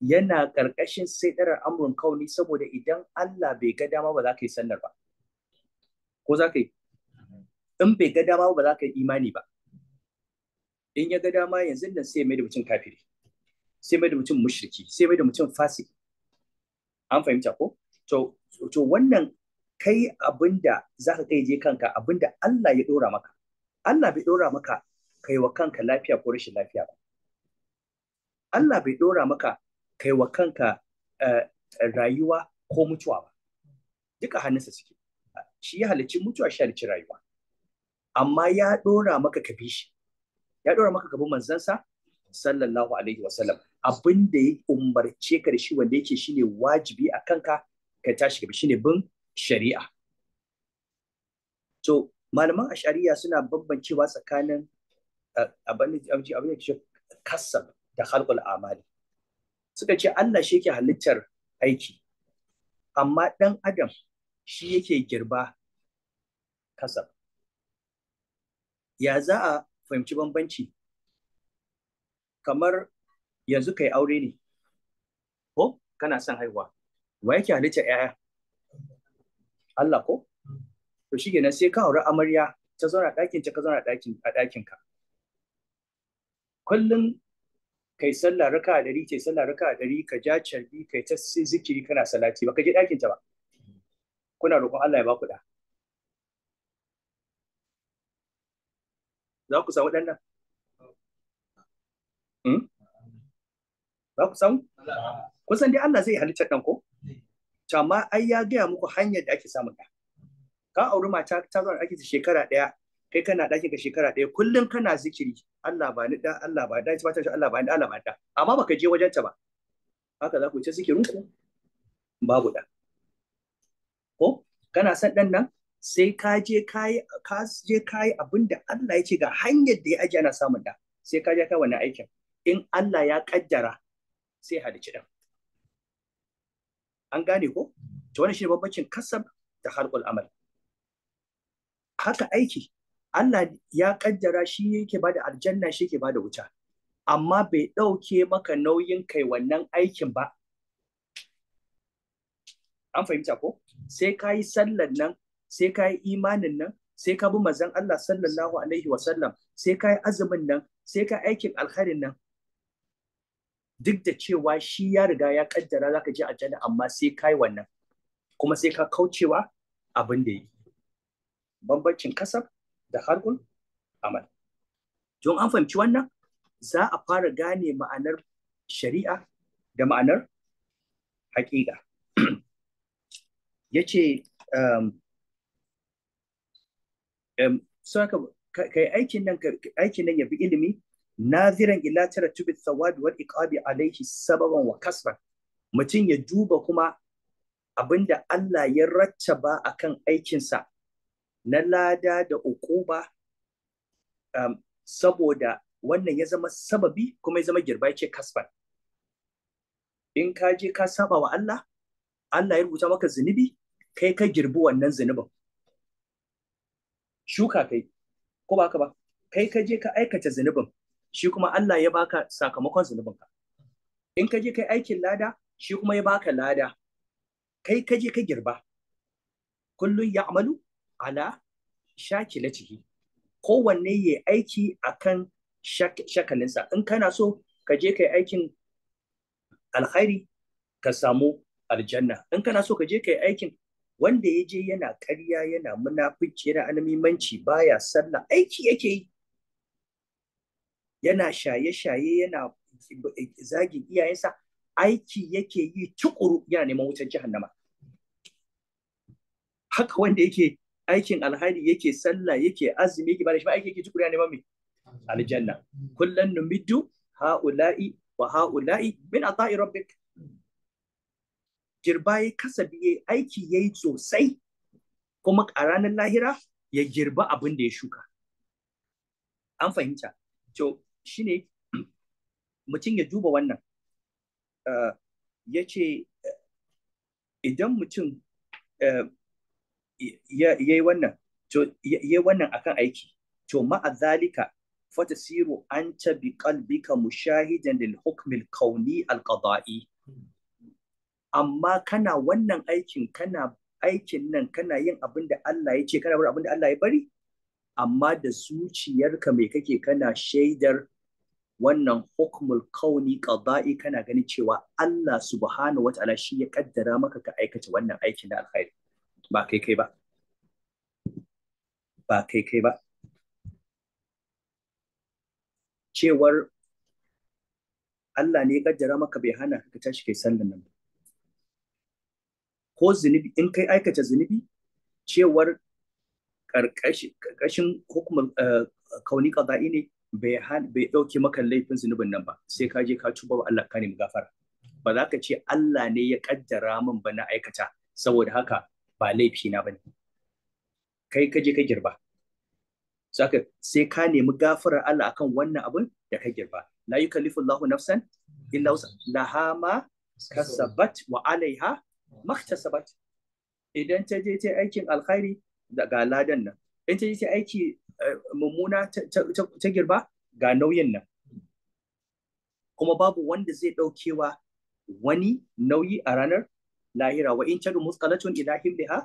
yana ƙarƙashin saidarar amrun kauni saboda idan Allah bai ga dama ba za ka yi sannar ba. Ko za ka yi? In bai ga dama ba za ka yi imani ba. in ya ga dama yanzu nan sai mai da mutum kafiri sai mai da mutum mushriki sai mai da mutum fasiki an fahimta ko to to wannan kai abinda zaka kai je kanka abinda Allah ya dora maka Allah bai dora maka kai wa kanka lafiya ko rashin lafiya ba Allah bai dora maka kai wa kanka eh, rayuwa ko mutuwa ba duka hannunsa suke shi ya halicci mutuwa shi halicci rayuwa amma ya dora maka ka bi shi ya ɗora maka gaban manzansa sallallahu alaihi wasallam abin da ya umarce ka da shi wanda yake shine wajibi a kanka ka tashi gaba shine bin shari'a so malaman ashariya suna bambancewa tsakanin abin da ke kasab da halkul amali suka ce Allah shi yake halittar aiki amma ɗan adam shi yake girba kasab ya za a fahimci bambanci kamar yanzu kai aure ne ko kana son haihuwa wa yake halitta yaya Allah ko to shi kenan sai ka aure amarya ta zauna ɗakin ta ka zauna ɗakin a ɗakin ka kullum kai sallah raka dari kai sallah raka dari ka ja carbi kai ta zikiri kana salati ba ka je ɗakin ta ba kuna roƙon Allah ya ba ku da za ku samu ɗanɗan? Hmm? Za ku samu? san dai Allah zai halitta ɗan ko? Amma ai ya gaya muku hanyar da ake samun ɗa. Ka auri mata ta zo ake shekara ɗaya, kai kana ɗakin ka shekara ɗaya, kullum kana zikiri. Allah ba ni ɗa, Allah ba ɗa, ba ta Allah ba ni Allah ba ɗa. Amma baka je wajen ta ba. Haka za ku yi ta ku? Babu ɗa. Ko? Kana son ɗan nan? sai ka je kai ka je kai abin da Allah ya ce ga hanyar da ya aje ana samun da sai ka je kai wannan aikin in Allah ya kaddara sai halici dan an gane ko to wannan shine bambancin kasab da harkul amal haka aiki Allah ya kaddara shi yake bada aljanna shi yake bada wuta amma bai ɗauke maka nauyin kai wannan aikin ba an fahimta ko sai ka yi sallan nan sai ka yi imanin nan sai ka bi mazan Allah sallallahu alaihi wasallam sai ka yi azumin nan sai ka aikin alkhairin nan duk da cewa shi ya riga ya kaddara zaka je aljanna amma sai kai wannan kuma sai ka kaucewa abin da yi bambancin kasab da harkun amal don an fahimci wannan za a fara gane ma'anar shari'a da ma'anar haƙiƙa yace um, kai aikin nan aikin nan yafi ilimi naziran ila tarattubi thawabi wal iqabi alaihi sababan wa kasban mutum ya duba kuma abinda Allah ya rattaba akan aikinsa na lada da ukuba um, saboda wannan ya zama sababi kuma ya zama girba ce kasban in ka je ka saba wa Allah Allah ya rubuta maka zunubi kai ka girbi wannan zunubin shuka kai ko ba ka ba kai ka je ka aikata zunubin shi kuma Allah ya baka sakamakon zunubin ka in ka je kai aikin lada shi kuma ya baka lada kai ka je ka girba kullun ya'malu ala shakilatihi kowanne ya aiki akan shakalinsa in kana so ka je kai aikin alkhairi ka samu aljanna in kana so ka je kai aikin wanda ya je yana karya yana munafici yana animimanci. baya sallah aiki yake yi yana shaye-shaye yana zagin iyayensa aiki yake yi tukuru yana neman wutar jahannama haka wanda yake aikin alhali yake sallah yake azumi yake bada shi aiki yake tukuru yana neman mai aljanna hmm. kullan middu ha'ula'i wa ha'ula'i min ata'i rabbik girba ya kasabi ya aiki ya yi sosai kuma a ranar lahira ya girba abin da ya shuka an fahimta to ne mutum ya duba wannan eh, ya ce idan mutum eh, ya yi wannan to ya yi wannan akan aiki to ma'azalika fatasiru an tabi kalbika mushahidan lil hukmil kauni al-qada'i amma kana wannan aikin kana aikin nan kana yin abin da Allah ya ce kana bar abin da Allah ya bari amma da zuciyarka mai kake kana shaidar wannan hukmul kauni qada'i kana ganin cewa Allah subhanahu wataala shi ya kaddara maka ka aikata wannan aikin da alkhairi ba kai kai ba ba kai kai ba cewar Allah ne ya kaddara maka bai hana ka tashi kai sallan nan ba ko zunubi in kai aikata zunubi cewar karkashin hukumar eh, kauni kaza'i ne bai ɗauke maka laifin zunubin nan ba sai ka je ka tuba wa Allah ka nemi gafara ba za ka ce Allah ne ya kaddara min ba na aikata saboda haka ba laifi na bane kai ka je ka girba saka sai ka nemi gafarar Allah akan wannan abin da ka girba la yukallifullahu nafsan illa wus'aha laha ma kasabat wa alaiha maktasabat idan ta je ta aikin alkhairi ga ladan nan in ta je ta aiki eh, mummuna ta girba ga nauyin nan kuma babu wanda zai ɗaukewa wani nauyi a ranar lahira wa in tadu musqalatun ila himliha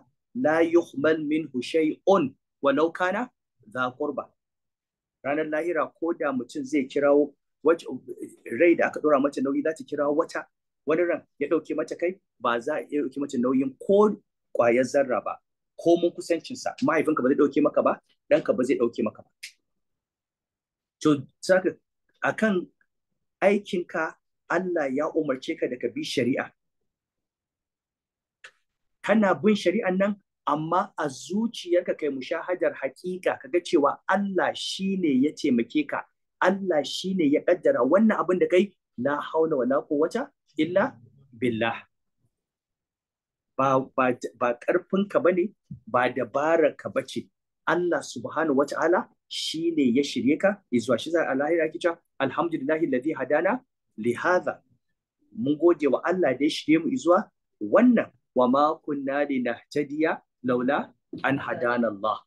la yuhmal minhu shay'un walau kana za qurba ranar lahira ko da mutum zai kirawo rai da aka dora mata nauyi za ta wata wani ran ya ɗauki mata kai ba za a iya ɗauki mata nauyin ko ƙwayar zarra ba ko mun kusancinsa mahaifinka ba zai ɗauke maka ba ɗanka ba zai ɗauke maka ba to saka akan aikinka Allah ya umarce ka da ka bi shari'a kana bin shari'an nan amma a zuciyarka kai mushahadar ka ga cewa Allah shine ya taimake ka Allah shi ne ya kaddara wannan abin da kai la haula wala quwwata illa billah ba ba ba karfinka bane ba dabararka bace Allah subhanahu wata'ala shine ya shirye ka zuwa shi za a lahira kica alhamdulillahi alladhi hadana li hadha mun gode wa Allah da ya shirye mu zuwa wannan wa ma kunna linahtadiya laula an hadana Allah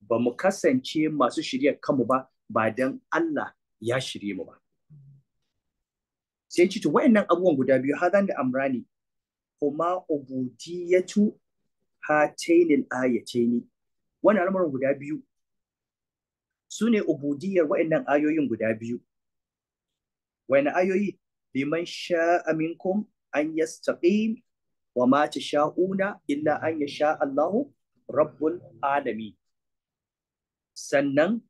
ba mu kasance masu shirya kanmu ba ba dan Allah ya shirye mu ba sai ce to wa'annan abubuwan guda biyu hadan da amrani kuma ubudiyatu hatainil ayataini wannan al'amuran guda biyu su ubudiyar wa'annan ayoyin guda biyu wani ayoyi liman sha'a minkum an yastaqim wa ma tasha'una illa an yasha Allahu rabbul alamin sannan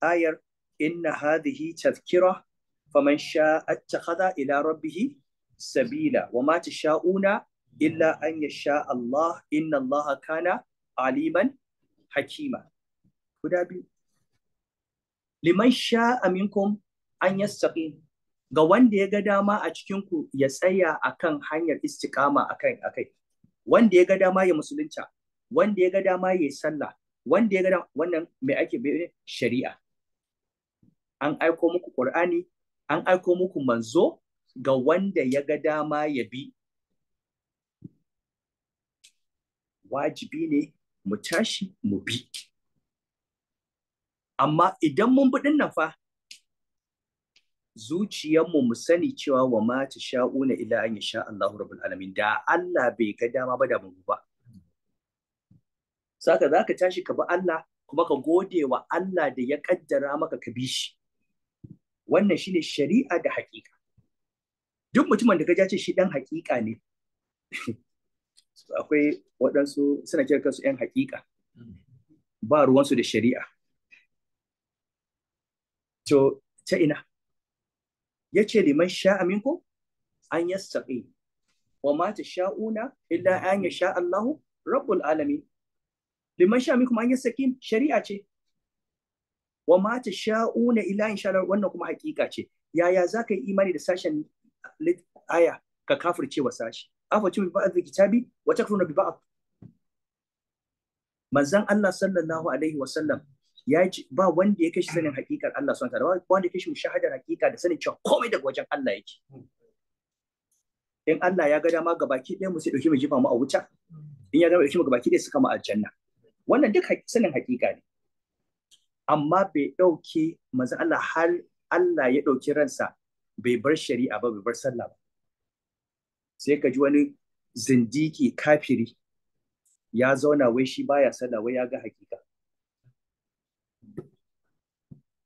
ayar inna hadhihi tazkira فمن شاء اتخذ ila ربه sabila وما ma الا illa an الله ان الله كان عليما aliman hakima guda biyu liman sha'a minkum an ga wanda ya ga dama a cikinku ya tsaya akan hanyar istiqama akan akai wanda ya ga dama ya musulunta wanda ya ga dama ya sallah wanda ya ga wannan mai ake bayyana shari'a an aiko muku qur'ani an aiko muku manzo ga wanda ya ga dama ya bi wajibi ne mu tashi mu bi amma idan mun bi nan fa Zuciyar mu mu sani cewa wa ma ta sha'una ila an sha Allahu rabbul alamin da Allah bai ga dama ba da mu ba saka zaka tashi ka bi Allah kuma ka gode wa Allah da ya kaddara maka ka bi shi wannan shine shari'a da haƙiƙa duk mutumin da ka ce shi dan haƙiƙa ne akwai waɗansu suna kira kansu yan haƙiƙa ba ruwansu da shari'a to ta ina ya ce liman sha'a an saƙi wa ma sha'una illa an yi sha Allahu rabbul alami liman sha'a minkum an saƙi shari'a ce wa ma ta sha'una ila insha Allah wannan kuma hakika ce yaya za ka yi imani da sashen aya ka kafirce wa sashi afa tu ba da kitabi wa takfuruna bi ba'd manzon Allah sallallahu alaihi wa sallam ya ce ba wanda ya kashi sanin hakikar Allah sun wa ta'ala ba wanda ya kashi mushahadar hakika da sanin cewa komai daga wajen Allah yake in Allah ya ga dama gabaki ɗaya mu sai dauki mu jifa mu a wuta in ya ga dauki mu gabaki ɗaya suka mu aljanna wannan duk sanin hakika ne amma bai ɗauke manzon Allah har Allah ya ɗauki ransa bai bar shari'a ba bai bar sallah ba sai ka ji wani zindiki kafiri ya zauna wai shi baya sallah wai ya ga hakika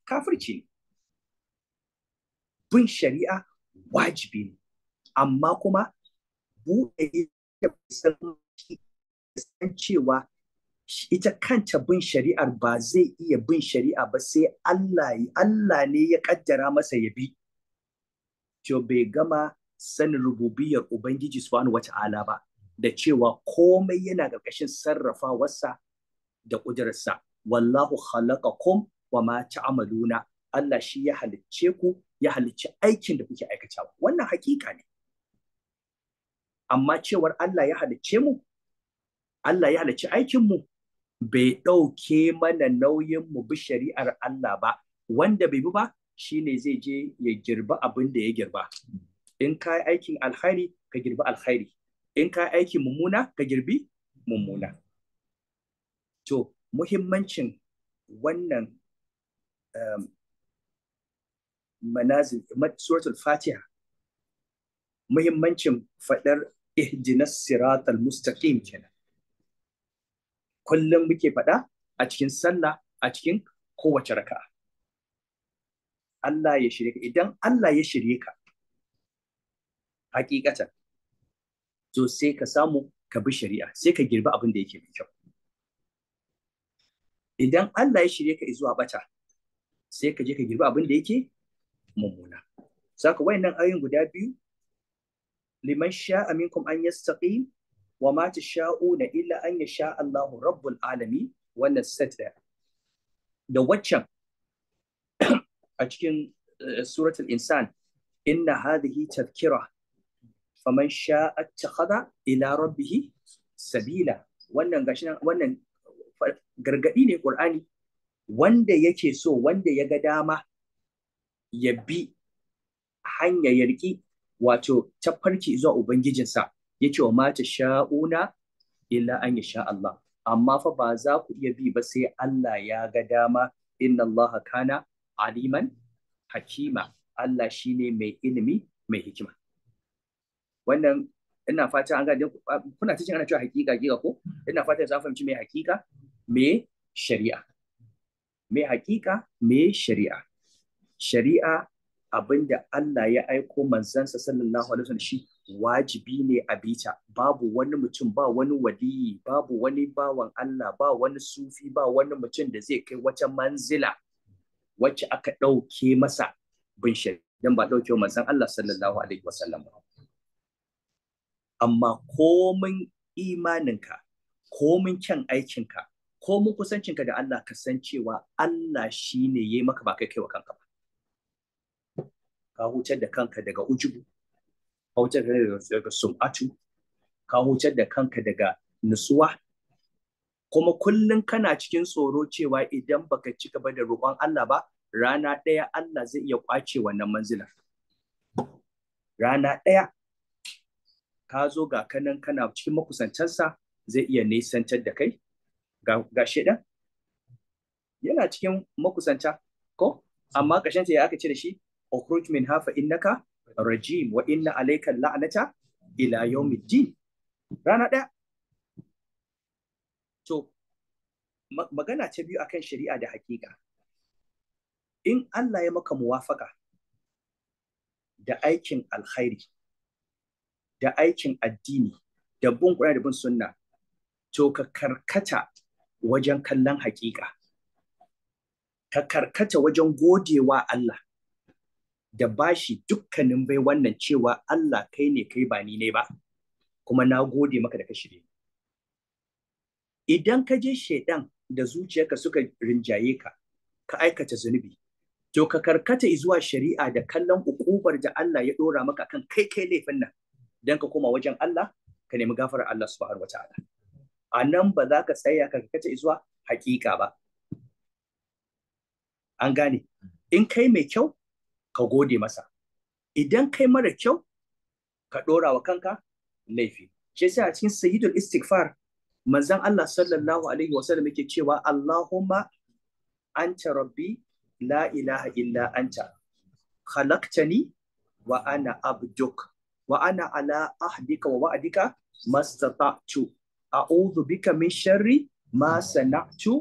kafirci bin shari'a wajibi ne amma kuma buɗe da san cewa ita kanta bin shari'ar ba zai iya bin shari'a ba sai Allah Allah ne ya kaddara masa ya bi to bai gama sanin rububiyar ubangiji subhanahu wata'ala ba da cewa komai yana ƙarƙashin sarrafawarsa da ƙudurarsa wallahu khalaqakum wa ma ta'maluna Allah shi ya halicce ku ya halicci aikin da kuke aikatawa wannan hakika ne amma cewar Allah ya halicce mu Allah ya halicci aikin mu bai ɗauke mana nauyin mu bi shari'ar Allah ba wanda bai bi ba shine zai je ya girba abin da ya girba in ka aikin alkhairi ka girbi alkhairi in ka aikin mummuna ka girbi mummuna to muhimmancin wannan um, manazil suratul fatiha muhimmancin faɗar ihdinas siratal mustaqim kenan kullum muke faɗa a cikin sallah a cikin kowace raka. Allah ya shirye ka idan Allah ya shirye ka hakikatan to sai ka samu ka bi shari'a sai ka girbi abin da yake mai kyau idan Allah ya shirye ka zuwa bata sai ka je ka girbi abin da yake mummuna saka wayannan ayoyin guda biyu liman sha'a minkum an yastaqim wa ma na illa an sha Allahu rabbul alami wannan set ɗaya da waccan a cikin eh, suratul insan inna hadhihi tadhkira faman sha'a attakhadha ila rabbihi sabila wannan gashi wannan gargadi ne qur'ani wanda yake so wanda ya ga dama ya bi hanya ya riki wato tafarki zuwa ubangijinsa Ya ce wa mace sha'una illa an sha Allah amma fa ba za ku iya bi ba sai Allah ya ga dama inna Allah kana aliman hakima Allah shi ne mai ilimi mai hikima wannan ina fata an gane kuna cikin ana cewa hakika giga ko ina fata za fahimci me hakika me shari'a me hakika me shari'a shari'a abinda Allah ya aiko manzansa sallallahu alaihi wasallam shi wajibi ne a bita babu wani mutum ba wani waliyi babu wani bawan Allah ba wani sufi ba wani mutum da zai kai wata manzila wacce aka ɗauke masa bin don ba ɗauke manzan Allah sallallahu alaihi wasallam amma komin imaninka komin kyan aikinka komin kusancinka da Allah ka san cewa Allah shine yayi maka ba kai kai wa kanka ba ka hutar da kanka daga ujubu ka wuce daga sum'atu ka da kanka daga nutsuwa kuma kullum kana cikin tsoro cewa idan baka ci gaba da roƙon Allah ba rana ɗaya Allah zai iya ƙwace wannan manzilar rana ɗaya ka zo ga kanan kana cikin makusantarsa zai iya nisantar da kai ga, shaidan yana cikin makusanta ko amma ƙarshen ya aka ce da shi ukhruj min hafa innaka rajim wa inna alayka la'nata ila yawmiddin rana ɗaya to magana ta biyu akan shari'a da hakika in Allah ya maka muwafaka da aikin alkhairi da aikin addini da bin Qur'ani da bin sunna to ka karkata wajen kallon hakika ka karkata wajen godewa Allah da bashi dukkanin bai wannan cewa Allah kai ne kai ba ni ne ba kuma na gode maka da ka shirye idan ka je shaidan da zuciyarka suka rinjaye ka ka aikata zunubi to ka karkata zuwa shari'a da kallon ukubar da Allah ya dora maka kan kai kai laifin nan dan ka koma wajen Allah ka nemi gafarar Allah subhanahu wataala a nan ba za ka tsaya ka karkata zuwa hakika ba an gane in kai mai kyau ka gode masa idan kai mara kyau ka ɗora wa kanka laifi shi yasa a cikin sahidul istighfar manzon Allah sallallahu alaihi wasallam yake cewa Allahumma anta rabbi la ilaha illa anta khalaqtani wa ana abduk wa ana ala ahdika wa wa'dika mastata'tu a'udhu bika min sharri ma sana'tu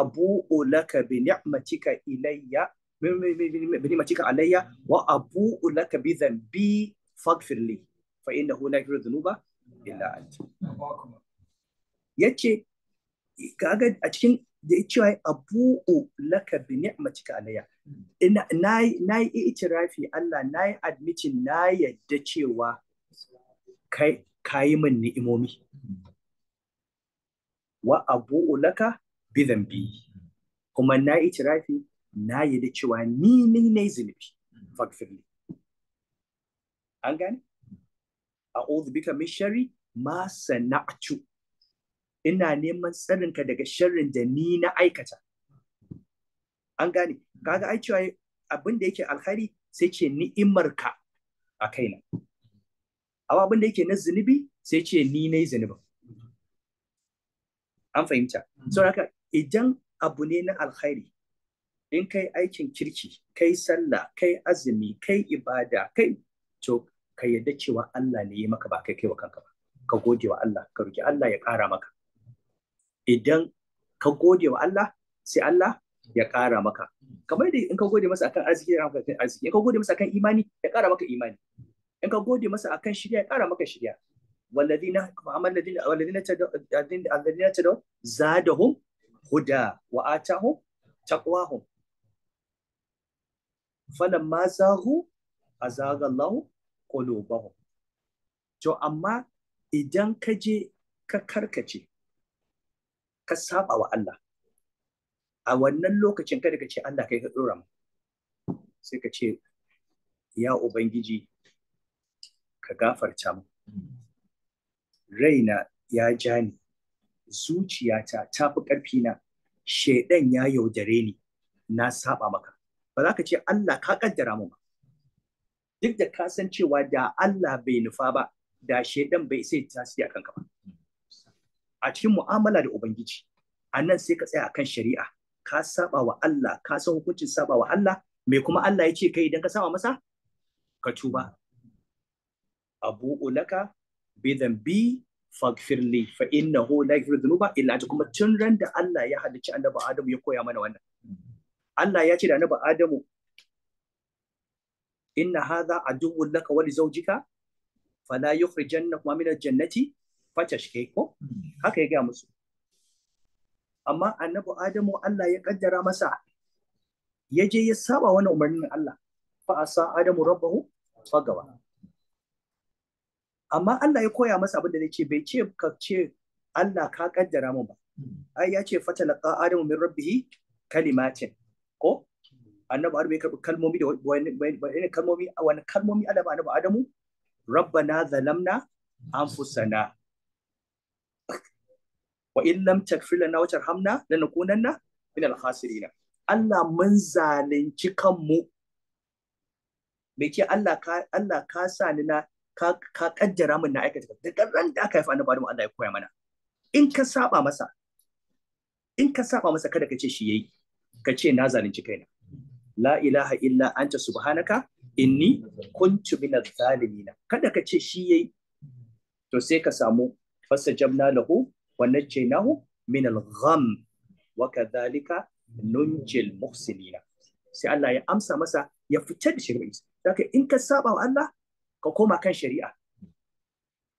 abu'u laka bi ni'matika ilayya بنعمتك علي وابوء لك بذنبي فاغفر لي فانه لا يغفر الذنوب illa anti yace kaga a cikin da ya cewa abu'u laka bi ni'matika alayya ina nayi itirafi Allah nayi admitin na yadda cewa kayi min ni'imomi wa abu'u laka bi dhanbi kuma nayi itirafi na yadda cewa ni ne na zunubi ne mm-hmm. an gane a'udhu bika min shari ma sana'tu ina neman tsarinka daga sharrin da ni na aikata an gane kaga ai cewa abin da yake alkhari sai ce ni'imarka a kaina amma abin da yake na zunubi sai ce ni na yi zunubin mm-hmm. an fahimta mm-hmm. saboda idan abu ne na alkhairi in kai aikin kirki kai sallah kai azumi kai ibada kai to ka yadda cewa Allah ne ya maka ba kai kai wa kanka ba ka gode wa Allah ka roki Allah ya ƙara maka idan ka gode wa Allah sai Allah ya ƙara maka kamar da in ka gode masa akan arziki ya maka arziki in ka gode masa akan imani ya ƙara maka imani in ka gode masa akan shirya ya ƙara maka shirya walladina ladina walladina tadu alladina tadu zadahum huda wa atahum taqwahum falan ma zahu a zagallahu qulubahum to amma idan ka je ka karkace ka saba wa Allah a wannan lokacin kada ka ce Allah kai ka dora sai ka ce ya ubangiji ka gafarta mu raina ya ja ni zuciyata ta fi ƙarfina shaidan ya yaudare ni na saba maka ba za ka ce Allah ka kaddara mu ba duk da ka san cewa da Allah bai nufa ba da shedan bai sai tasiri akan ka ba a cikin mu'amala da ubangiji a nan sai ka tsaya akan shari'a ka saba wa Allah ka san hukuncin saba wa Allah me kuma Allah ya ce kai idan ka saba masa ka tuba abu ulaka bi bi faghfirli fa innahu la yaghfiru dhunuba illa kuma tun ran da Allah ya halicci annabi Adam ya koya mana wannan Allah ya ce da annabi Adamu inna hadha aduwwun laka wa li zawjika fala yukhrijannakuma min al-jannati fatashke ko haka ya gaya musu amma annabi Adamu Allah ya kaddara masa ya je ya saba wani umarnin Allah fa asa Adamu rabbahu fagawa amma Allah ya koya masa abin da zai ce bai ce ka ce Allah ka kaddara mu ba hmm. ai ya ce fatalaqa Adamu min rabbihi kalimatin ko annabi adamu ya karbi kalmomi da wani kalmomi wani kalmomi adam annabi adamu rabbana zalamna anfusana wa in lam taghfir lana wa tarhamna lanakunanna min al-khasirin Allah mun zalunci kanmu me ke Allah ka Allah ka sa ni na ka ka kaddara min na aikata daga ran da aka haifa annabi Adamu Allah ya koya mana in ka saba masa in ka saba masa kada ka ce shi yayi ka ce na zalunci kaina la ilaha illa anta subhanaka inni kuntu minaz zalimin kada ka ce shi yayi to sai ka samu fasajabna lahu wa najjaynahu min al-gham wa kadhalika nunjil muhsinina sai Allah ya amsa masa ya fita da shari'a saka in ka saba wa Allah ka koma kan shari'a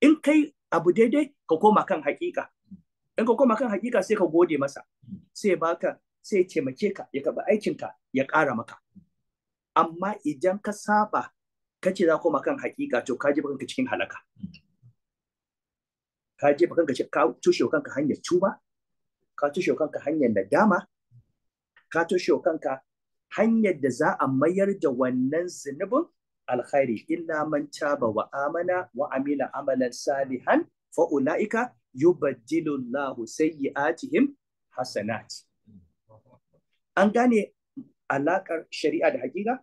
in kai abu daidai ka koma kan hakika in ka koma kan hakika sai ka gode masa sai baka sai ya taimake ka ya karɓi aikinka ya ƙara maka amma idan ka saba kace za koma kan hakika to ka jefa kanka cikin halaka ka jefa kanka ka tushe kanka hanyar tuba ka tushe kanka hanyar nadama ka tushe kanka hanyar da za a mayar da wannan zunubin alkhairi illa man taba wa amana wa amila amalan salihan fa ulaika yubaddilu Allahu sayyi'atihim hasanat an gane alaƙar shari'a da hakika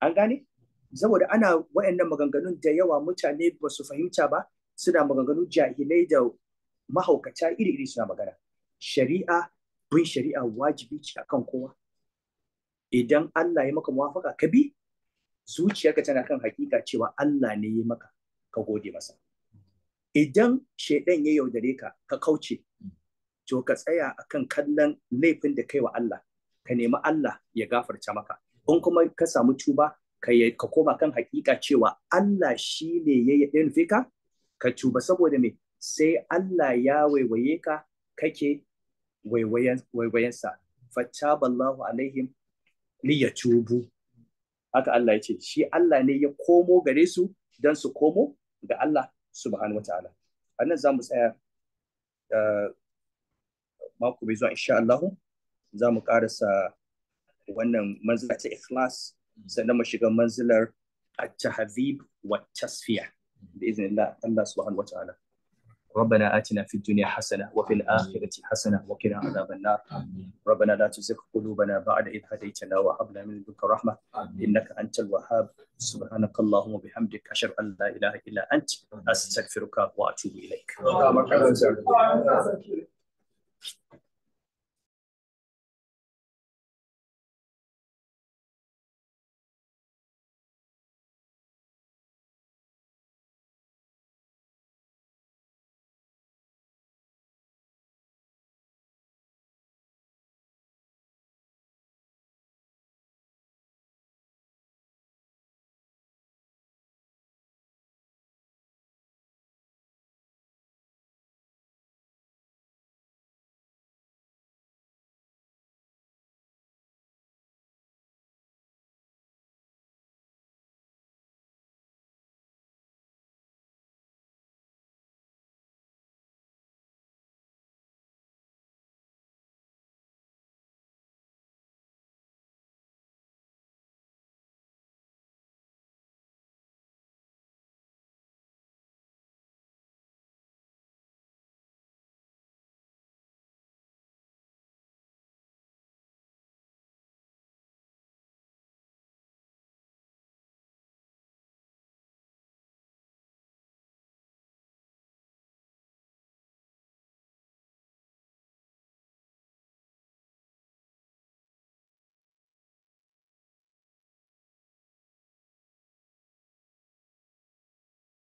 an gane saboda ana wayannan maganganun da yawa mutane ba su fahimta ba suna maganganu jahilai da mahaukata iri-iri suna magana shari'a bin shari'a wajibi ce akan kowa idan Allah ya maka muwafaka ka bi zuciyarka tana kan hakika cewa Allah ne ya maka ka gode masa idan shaidan ya yaudare ka ka kauce to ka tsaya akan kallon laifin da kai wa Allah ka nemi Allah ya gafarta maka in kuma ka samu tuba ka ka koma kan hakika cewa Allah shi ne ya yi ka ka tuba saboda me sai Allah ya waiwaye ka kake waiwayensa fattaballahu alaihim tubu, haka Allah ya ce shi Allah ne ya komo gare su don su komo ga Allah subhanahu wataala annan nan za mu tsaya eh, mako mai zuwa insha Allah za mu karasa wannan manzila ta ikhlas sannan mu shiga manzilar at-tahdhib wa tasfiya bi iznillah Allah subhanahu wa ta'ala ربنا آتنا في الدنيا حسنة وفي الآخرة حسنة وقنا عذاب النار ربنا لا تزغ قلوبنا بعد إذ هديتنا وهب لنا من لدنك رحمة إنك أنت الوهاب سبحانك اللهم وبحمدك أشهد أن لا إله إلا أنت أستغفرك وأتوب إليك